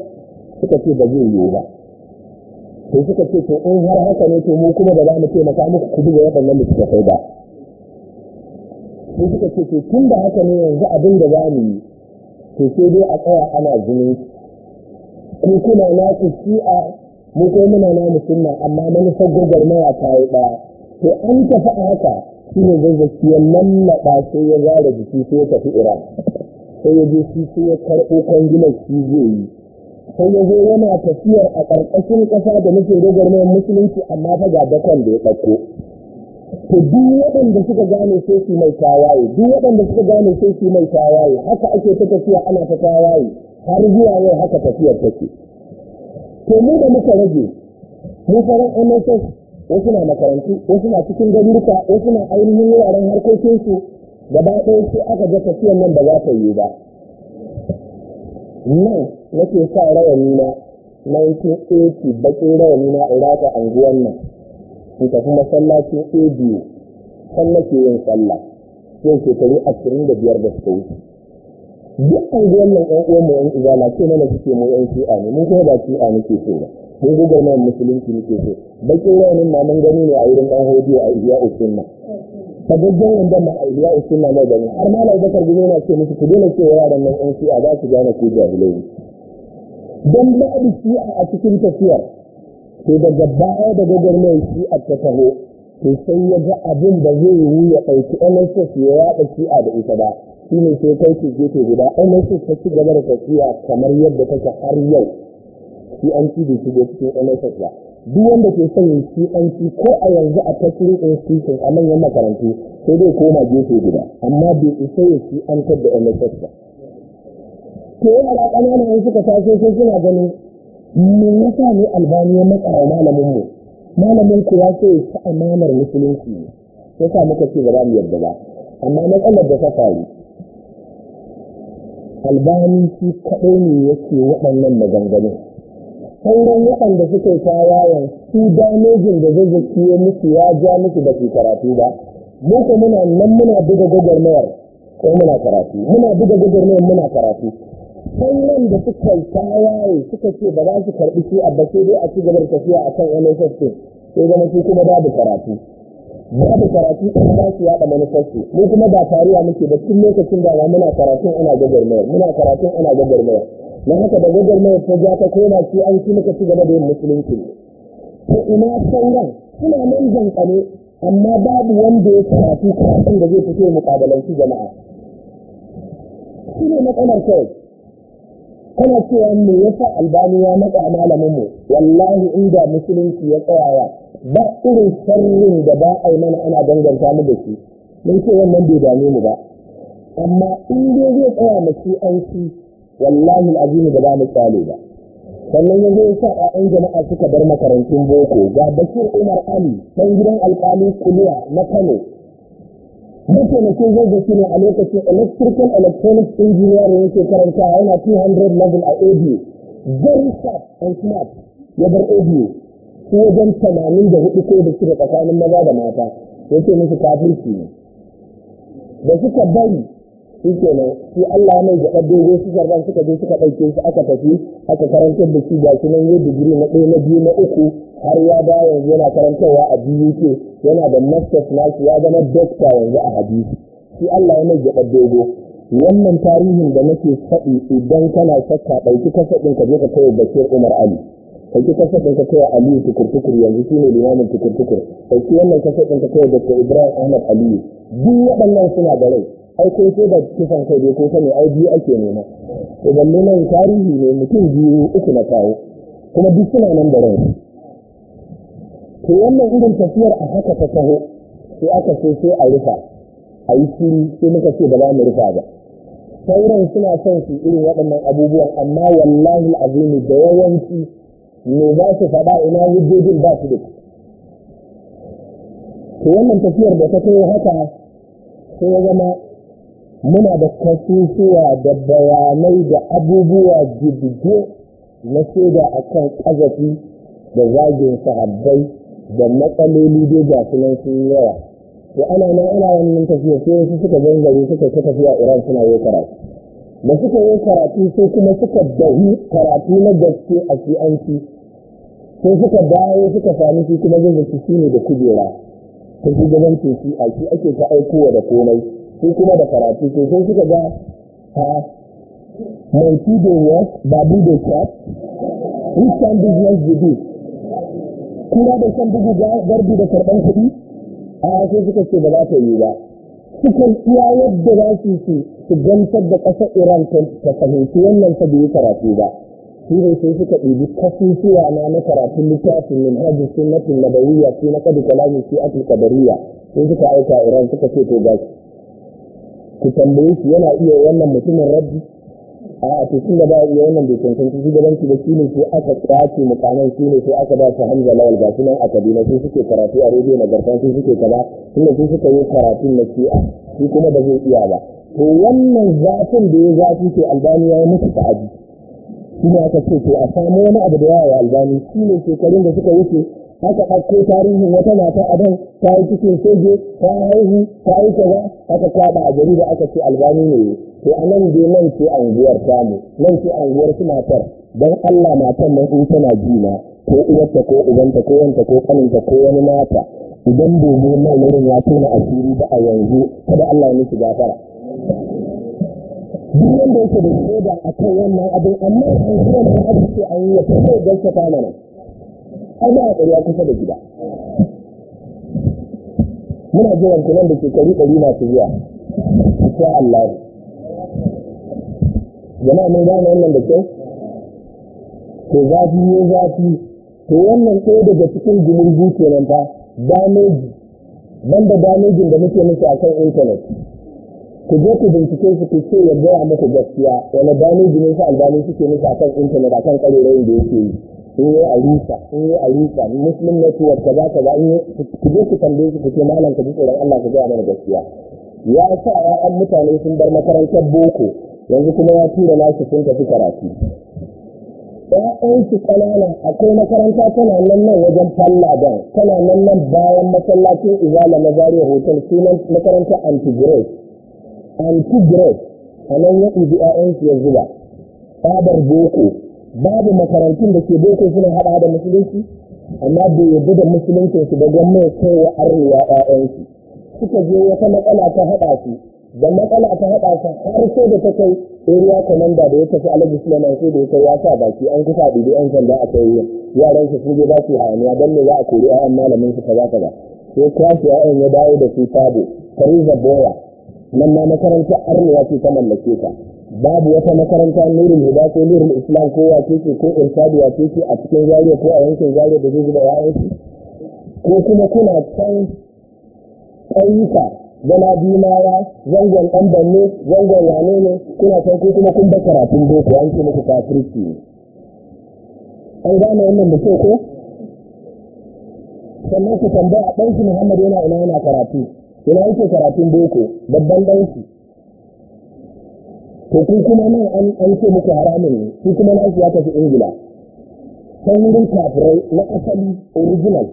suka ce ba zai yiwu ba to suka ce to in har haka ne to mu kuma da zamu mu taimaka muku ku duba waɗannan littattafai ba sai suka ce tun da haka ne yanzu abin da zamu yi to sai dai a tsaya ana zumunci ku kuna na ku shi'a mu ko muna na musulma amma manufar gwagwarmaya ta yi ɗaya to an tafi a haka shi ne zazzaki ya lallaɓa sai ya zara jiki sai ya tafi iran sai ya je shi sai ya karɓo gina shi zai yi sai ya zo yana tafiyar a ƙarƙashin ƙasa da nake gwagwarmayar musulunci amma ta ga dakon da ya ɗauko to duk waɗanda suka gane sai su mai tawaye duk waɗanda suka gane sai su mai tawaye haka ake ta tafiya ana ta tawaye har zuwa yau haka tafiyar take to mu da muka rage mu faran MSS wasu na makarantu wasu na cikin garuruka wasu na ainihin wuraren harkokinsu gaba ɗaya su aka ga tafiyan nan da za ta yi ba nan nake sa rawani na 1980 bakin rawani na iraka anguwan nan in tafi masallacin abu kan nake yin sallah yau shekaru ashirin da biyar da suka wuce duk anguwan nan ɗan uwan mu yan na ce mana suke mu shi'a ne mun kuma ba shi'a nake so ba ko gugurmayar musulunci nake so bakin raunin maman gani ne a wurin ɗan hodiyo a iya usunna sababban wanda ma a iya usunna mai gani har ma lai bakar gudu na ce musu ku dole cewa yaran nan yan shi'a za su gane ku jahilai don babu shi'a a cikin tafiyar to daga baya da gugurmayar shi'a ta taho to sai ya ga abin da zai yi ya ɗauki NSS ya yaɗa shi'a da ita ba shi ne sai kai ke gefe guda NSS ta ci gaba da tafiya kamar yadda take har yau shi an ci da shigo cikin NSS ba duk wanda ke son shi an ci ko a yanzu a tasirin institution a manyan makarantu sai dai koma gefe guda amma bai isa ya shi an da NSS ba to yara ƙananan in suka taso sai suna ganin me yasa ne albani ya malamin mu malamin ku ya ce ta amanar musulunci ne yasa muka ce ba za mu yarda ba amma matsalar da ta faru albani shi kaɗai ne yake waɗannan maganganun sauran waɗanda suke tawayen su damejin da zai ciye musu ya ja musu da ke karatu ba mu ko muna nan muna buga gwagwarmayar ko muna karatu muna buga gwagwarmayar muna karatu sauran da suka tawaye suka ce ba za su karɓi shi a sai dai a ci gaba tafiya a kan NSS sai zama su kuma babu karatu babu karatu kuma ba su yaɗa manifesto mu kuma ba tariya muke ba tun lokacin da muna karatun ana gwagwarmayar muna karatun ana gwagwarmayar na haka da gwajar mai ja ta koma shi an shi muka ci gaba da yin musulunci ta ina sauran suna nan jankane amma babu wanda ya karatu karatun da zai fito mukabalanci jama'a shi ne matsalar kai kana cewa me yasa albani ya matsa malamin mu wallahi inda musulunci ya tsawaya ba irin sharrin da ba a yi mana ana danganta mu da shi mun ce wannan bai dame mu ba amma in dai zai tsaya mu ci an ci wallahi alazim da ba mu tsale ba sannan yanzu ya sa ƴaƴan jama'a suka bar makarantun boko ga bashir umar ali ɗan gidan alƙali kuliya na kano mataimakin zai da ne a lokacin electrical electronic ne ke karanta yana 200 level a audio very sharp and smart ya bar audio su wajen tamanin da hudu ko da shida tsakanin maza da mata ya ce musu kafirci ne da suka bari shi kenan shi Allah mai gaba dogo su zarban suka je suka ɗauke shi aka tafi aka karantar da shi ga shi nan ya digiri na ɗaya na biyu na uku har ya da yanzu yana karantarwa a BUK yana da masters shi, ya zama dokta yanzu a hadisi shi Allah ya mai gaba dogo wannan tarihin da nake faɗi idan kana shakka ɗauki kasaɗin ka je ka kai Bashir Umar Ali ɗauki kasaɗin ka kai Aliyu tukur-tukur yanzu shine limamin tukur-tukur ɗauki wannan kasaɗin ka kai Dr. Ibrahim Ahmad Aliyu duk waɗannan suna da rai ai ko sai da kisan kai ko sani ai biyu ake nema to balle nan tarihi ne mutum biyu uku na kawo kuma duk suna nan da rai to wannan irin tafiyar a haka ta taho sai aka ce sai a rufa a yi shiri sai muka ce ba za mu rufa ba sauran suna son su irin waɗannan abubuwan amma wallahi azumi da yawanci ne za su faɗa ina hujjojin ba su da to wannan tafiyar da ta kai haka sai ya zama muna da kasusuwa da bayanai da abubuwa jirgin na shaida a kan ƙazafi da zagin sahabbai da matsaloli da ga sunan sun yawa to ana nan ana wannan tafiya sai wasu suka gangare suka ta tafiya iran suna yi karatu da suka yi karatu sai kuma suka dahi karatu na gaske a shi'anci sai suka dawo suka sami shi kuma zai shi ne da kujera ta shugabancin shi a shi ake ta aikowa da komai ko kuma da karatu ko sai suka ga ha mai tudo work babu da shop which can business you do da san bugu garbi da karban kuɗi a sai suka ce ba za ta yi ba suka iya yadda za su su su gantar da ƙasar iran ta fahimci wannan ta biyu karatu ba shi ne sai suka ɗibi kasusuwa na na karatun littafin min hajji sunnatin nabawiyya shi na kadu kalamin shi akil kadariya sai suka aika iran suka ce to gashi ku tambaye shi yana iya wannan mutumin rabbi a a to da ba iya wannan bai gaban shugabanci ba ne sai aka kwace mukanan ne sai aka ba su hamza lawal ga sunan a sun suke karatu a rediyo na garfan sun suke kaza sun da sun suka yi karatun na shi'a shi kuma da zai iya ba to wannan zafin da ya zafi ke albani ya yi ta aji shi ne aka ce to a samu wani abu da yawa albani shi ne shekarun da suka wuce haka ɗauko tarihin wata mata a don ta yi cikin soje ta haihu ta yi kaza haka kwaɗa a jarida aka ce albani ne to a nan dai nan ce anguwar samu nan ce anguwar su matar don allah matan nan in tana jina ko uwarta ko ubanta ko wanta ko kaninta ko wani mata idan domin nan wurin ya tona asiri ba a yanzu kada allah ya musu gafara duk wanda yake da shaida a kan wannan abin amma an kira da abin ce an yi ya fito kwanan an a ya kusa da gida muna jiran kunan da shekaru ɗari masu zuwa insha Allah jama'a mun gane wannan da kyau to zafi ne zafi to wannan ɗaya daga cikin gumurgu kenan ta, damage banda damejin da muke musu kan intanet ku je ku bincike su ku ce ya muku gaskiya wani damage ne sa albani suke musu kan intanet akan ƙarerayin da yake yi In yi alisa eh a rusa muslim network kaza kaza in ku je ku tambaye ku ce malam ka ji tsoron Allah ka gaya mana gaskiya ya sa ya'yan mutane sun bar makarantar boko yanzu kuma ya tura nasu sun tafi karatu ‘ya'yansu ƙanana akwai makaranta tana nan nan wajen falladan tana nan nan bayan masallacin izala na zariya hotel sunan makaranta antigrade antigrade a nan ya ɗibi ‘ya'yansu yanzu ba tsabar boko babu makarantun da ke boko suna hada da musulunci amma bai yadda da musuluncin su da gwamnati kai wa arewa ƴaƴansu suka je wata matsala ta hada su da matsala ta hada su har sai da ta kai area commander da ya tafi alhaji suleiman sai da ya kai ya sa baki an kusa ɗiɗi an sanda a kai yaran su sun je ba su hayaniya don me za a kori ƴaƴan malamin su kaza kaza sai kwashi ƴaƴan ya dawo da su tabo kariza boya nan ma makarantar arniya ce ta mallake ta babu wata makaranta nurin huda ko nurin islam ko wace ce ko irshadi wace ce a cikin zariya ko a yankin zariya da zai zuba su ko kuma kuna can ƙauyuka zama bimawa zangon ɗan banne zangon yane ne kuna can ko kuma kun ba karatun boko an ce muku kafirci ne an gane wannan da ko sannan ku tambaya ɗanki muhammad yana ina yana karatu ina yake karatun boko babban ɗanki to ku kuma nan an an ce muku haramun ne ku kuma na ya tafi ingila kan wurin kafirai na asali original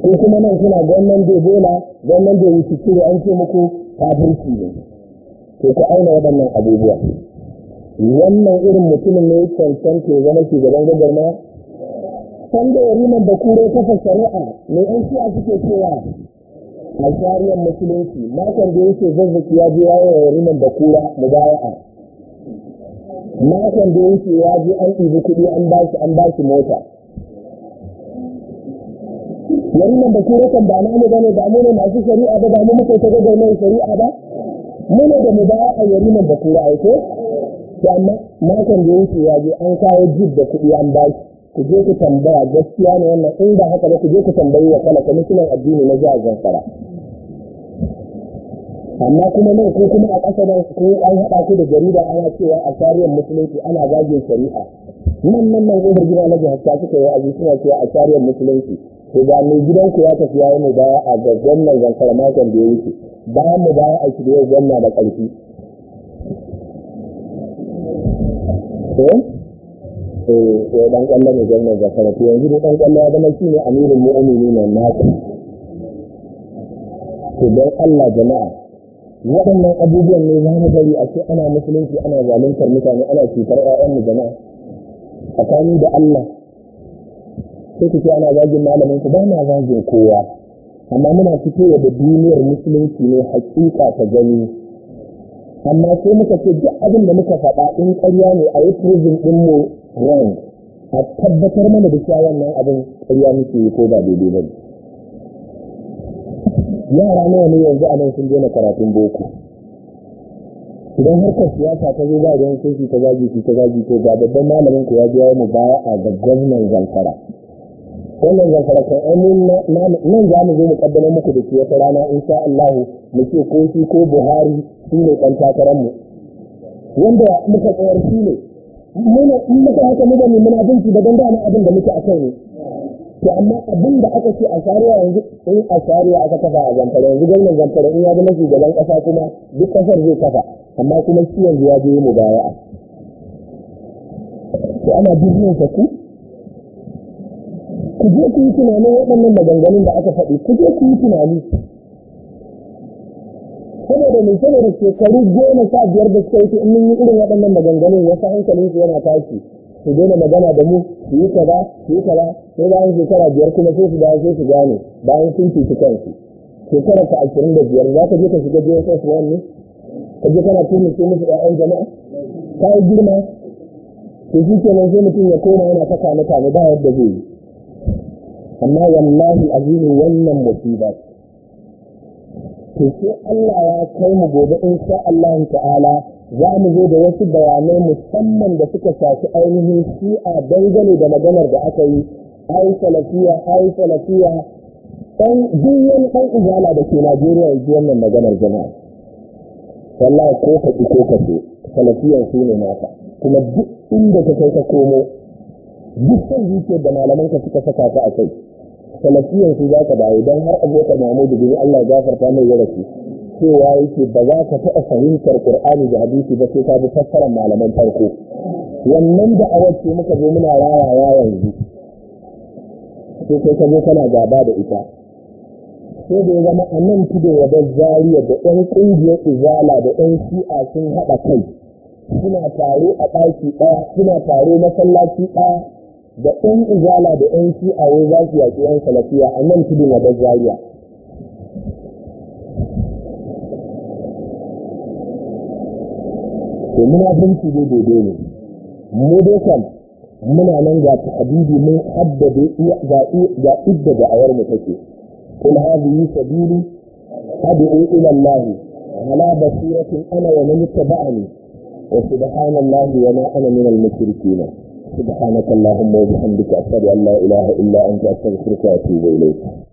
ku kuma nan suna gwamnan da bola gwamnan da wuce an ce muku kafirci ne to ku aina waɗannan abubuwa wannan irin mutumin ne cancanta ce zama shugaban gwamnati sanda ya riman da kure kafa shari'a mai yan shi'a suke cewa a shari'ar musulunci makon da yake zazzaki ya je yawon yariman da kura mu baya'a makon da yake ya je an ibi kuɗi an ba shi an ba shi mota yariman da kura kan ba namu ne ba mu ne masu shari'a ba ba mu muke ta mai shari'a ba mu ne da mu baya'a yariman da kura aiko to makon da yake ya je an kawo jib da kuɗi an ba shi ku je ku tambaya gaskiya ne wannan in ba haka ba ku je ku tambayi wa kala kwamishinan addini na jihar zamfara amma kuma nan ko kuma a ƙasa nan ko an haɗa ku da jarida ana cewa a tarihin musulunci ana zagin shari'a nan nan nan gobe gida na jihar ta suka yi aji suna cewa a tarihin musulunci to ba mai gidanku ya tafi ya yi mu baya a ga gwamnan zamfara makon da ya wuce ba mu baya a shirya gwamna da ƙarfi. Eh? Eh, eh dan kalla ne gwamnan zakara to yanzu dai dan kalla ya zama shi ne amirin mu'mini ne naka to dan Allah jama'a waɗannan abubuwan ne na gari a ce ana musulunci ana zaluntar mutane ana cutar ƴaƴanmu jama'a tsakani da Allah sai ku ce ana zagin malamin ku ba na zagin kowa amma muna fitowa da duniyar musulunci ne hakika ta gani amma sai muka ce duk abin da muka faɗa in ƙarya ne a yi prison ɗin mu a tabbatar mana da a wannan abin ƙarya muke yi ko ba daidai ba yara nawa ne yanzu a nan sun daina karatun boko idan harkar siyasa ta zo ba don sun shi ta zagi shi ta zagi ko ba babban malamin ku ya biya mu baya a ga gwamnan zankara. wannan zankara kan ainihin nan za mu zo mu kaddamar muku da ke wata rana insha Allah mu ce ko shi ko Buhari shi ne ɗan takararmu wanda muka tsayar shi ne Muna in muka haka muka ne muna abinci da ganda na abin da muke a kai ne to amma abin da aka ce a shari'a yanzu in a shari'a aka kafa a zamfara yanzu gwamnan zamfara in ya zama shugaban kasa kuma duk kasar zai kafa amma kuma shi yanzu ya je mu baya to ana bibiyan ka ku ku je ku yi tunanin waɗannan maganganun da aka faɗi ku je ku yi tunani Kuma da mai sama da shekaru goma sha biyar da suka yi in mun yi irin waɗannan maganganun wasu, hankalin su yana tashi su daina magana da mu su yi kaza su yi kaza sai bayan shekara biyar kuma sai su dawo sai su gane bayan sun cuci kansu shekara ta ashirin da biyar za ka je ka shiga jss one wani? ka je kana tuni sai musu ƴaƴan jama'a ka yi girma to shi kenan sai mutum ya koma yana ta kame kame ba yadda zai yi amma wallahi azimin wannan musiba to sai Allah ya kai mu gobe insha Allah ta'ala za mu zo da wasu bayanai musamman da suka shafi ainihin shi'a dangane da maganar da aka yi ai salafiya ai salafiya dan duk kan da ke Najeriya yanzu wannan maganar jama'a wallahi ko ka ko ka so su ne naka kuma duk inda ka kai ka komo duk san zuciyar da malaman ka suka saka ka a kai salafiyan su za ka dawo don har abota mahmudu bin allah gafarta mai ya rasu cewa yake ba za ka taɓa fahimtar qur'ani da hadisi ba sai ka bi fassarar malaman farko wannan da a wacce muka zo muna rayawa yanzu sai kai ka zo kana gaba da ita sai da ya zama a nan tudu ya da zariya da ɗan ƙungiyar izala da ɗan shi'a sun haɗa kai suna taro a ɗaki ɗaya suna taro masallaci ɗaya da ɗan izala da ɗan a wai za su yaƙi ɗan salafiya a nan tudu na bazariya. to muna binci dai daidai ne mu dai kan muna nan ga ta'abibi mun haddade ga ga idda da ayar mu take kul hadhihi sabili ad'u ila allah ala basiratin ana wa na ittaba'ani wa subhanallahi wa ma ana min al-mushrikeen سبحانك اللهم وبحمدك أشهد أن لا إله إلا أنت أستغفرك وأتوب إليك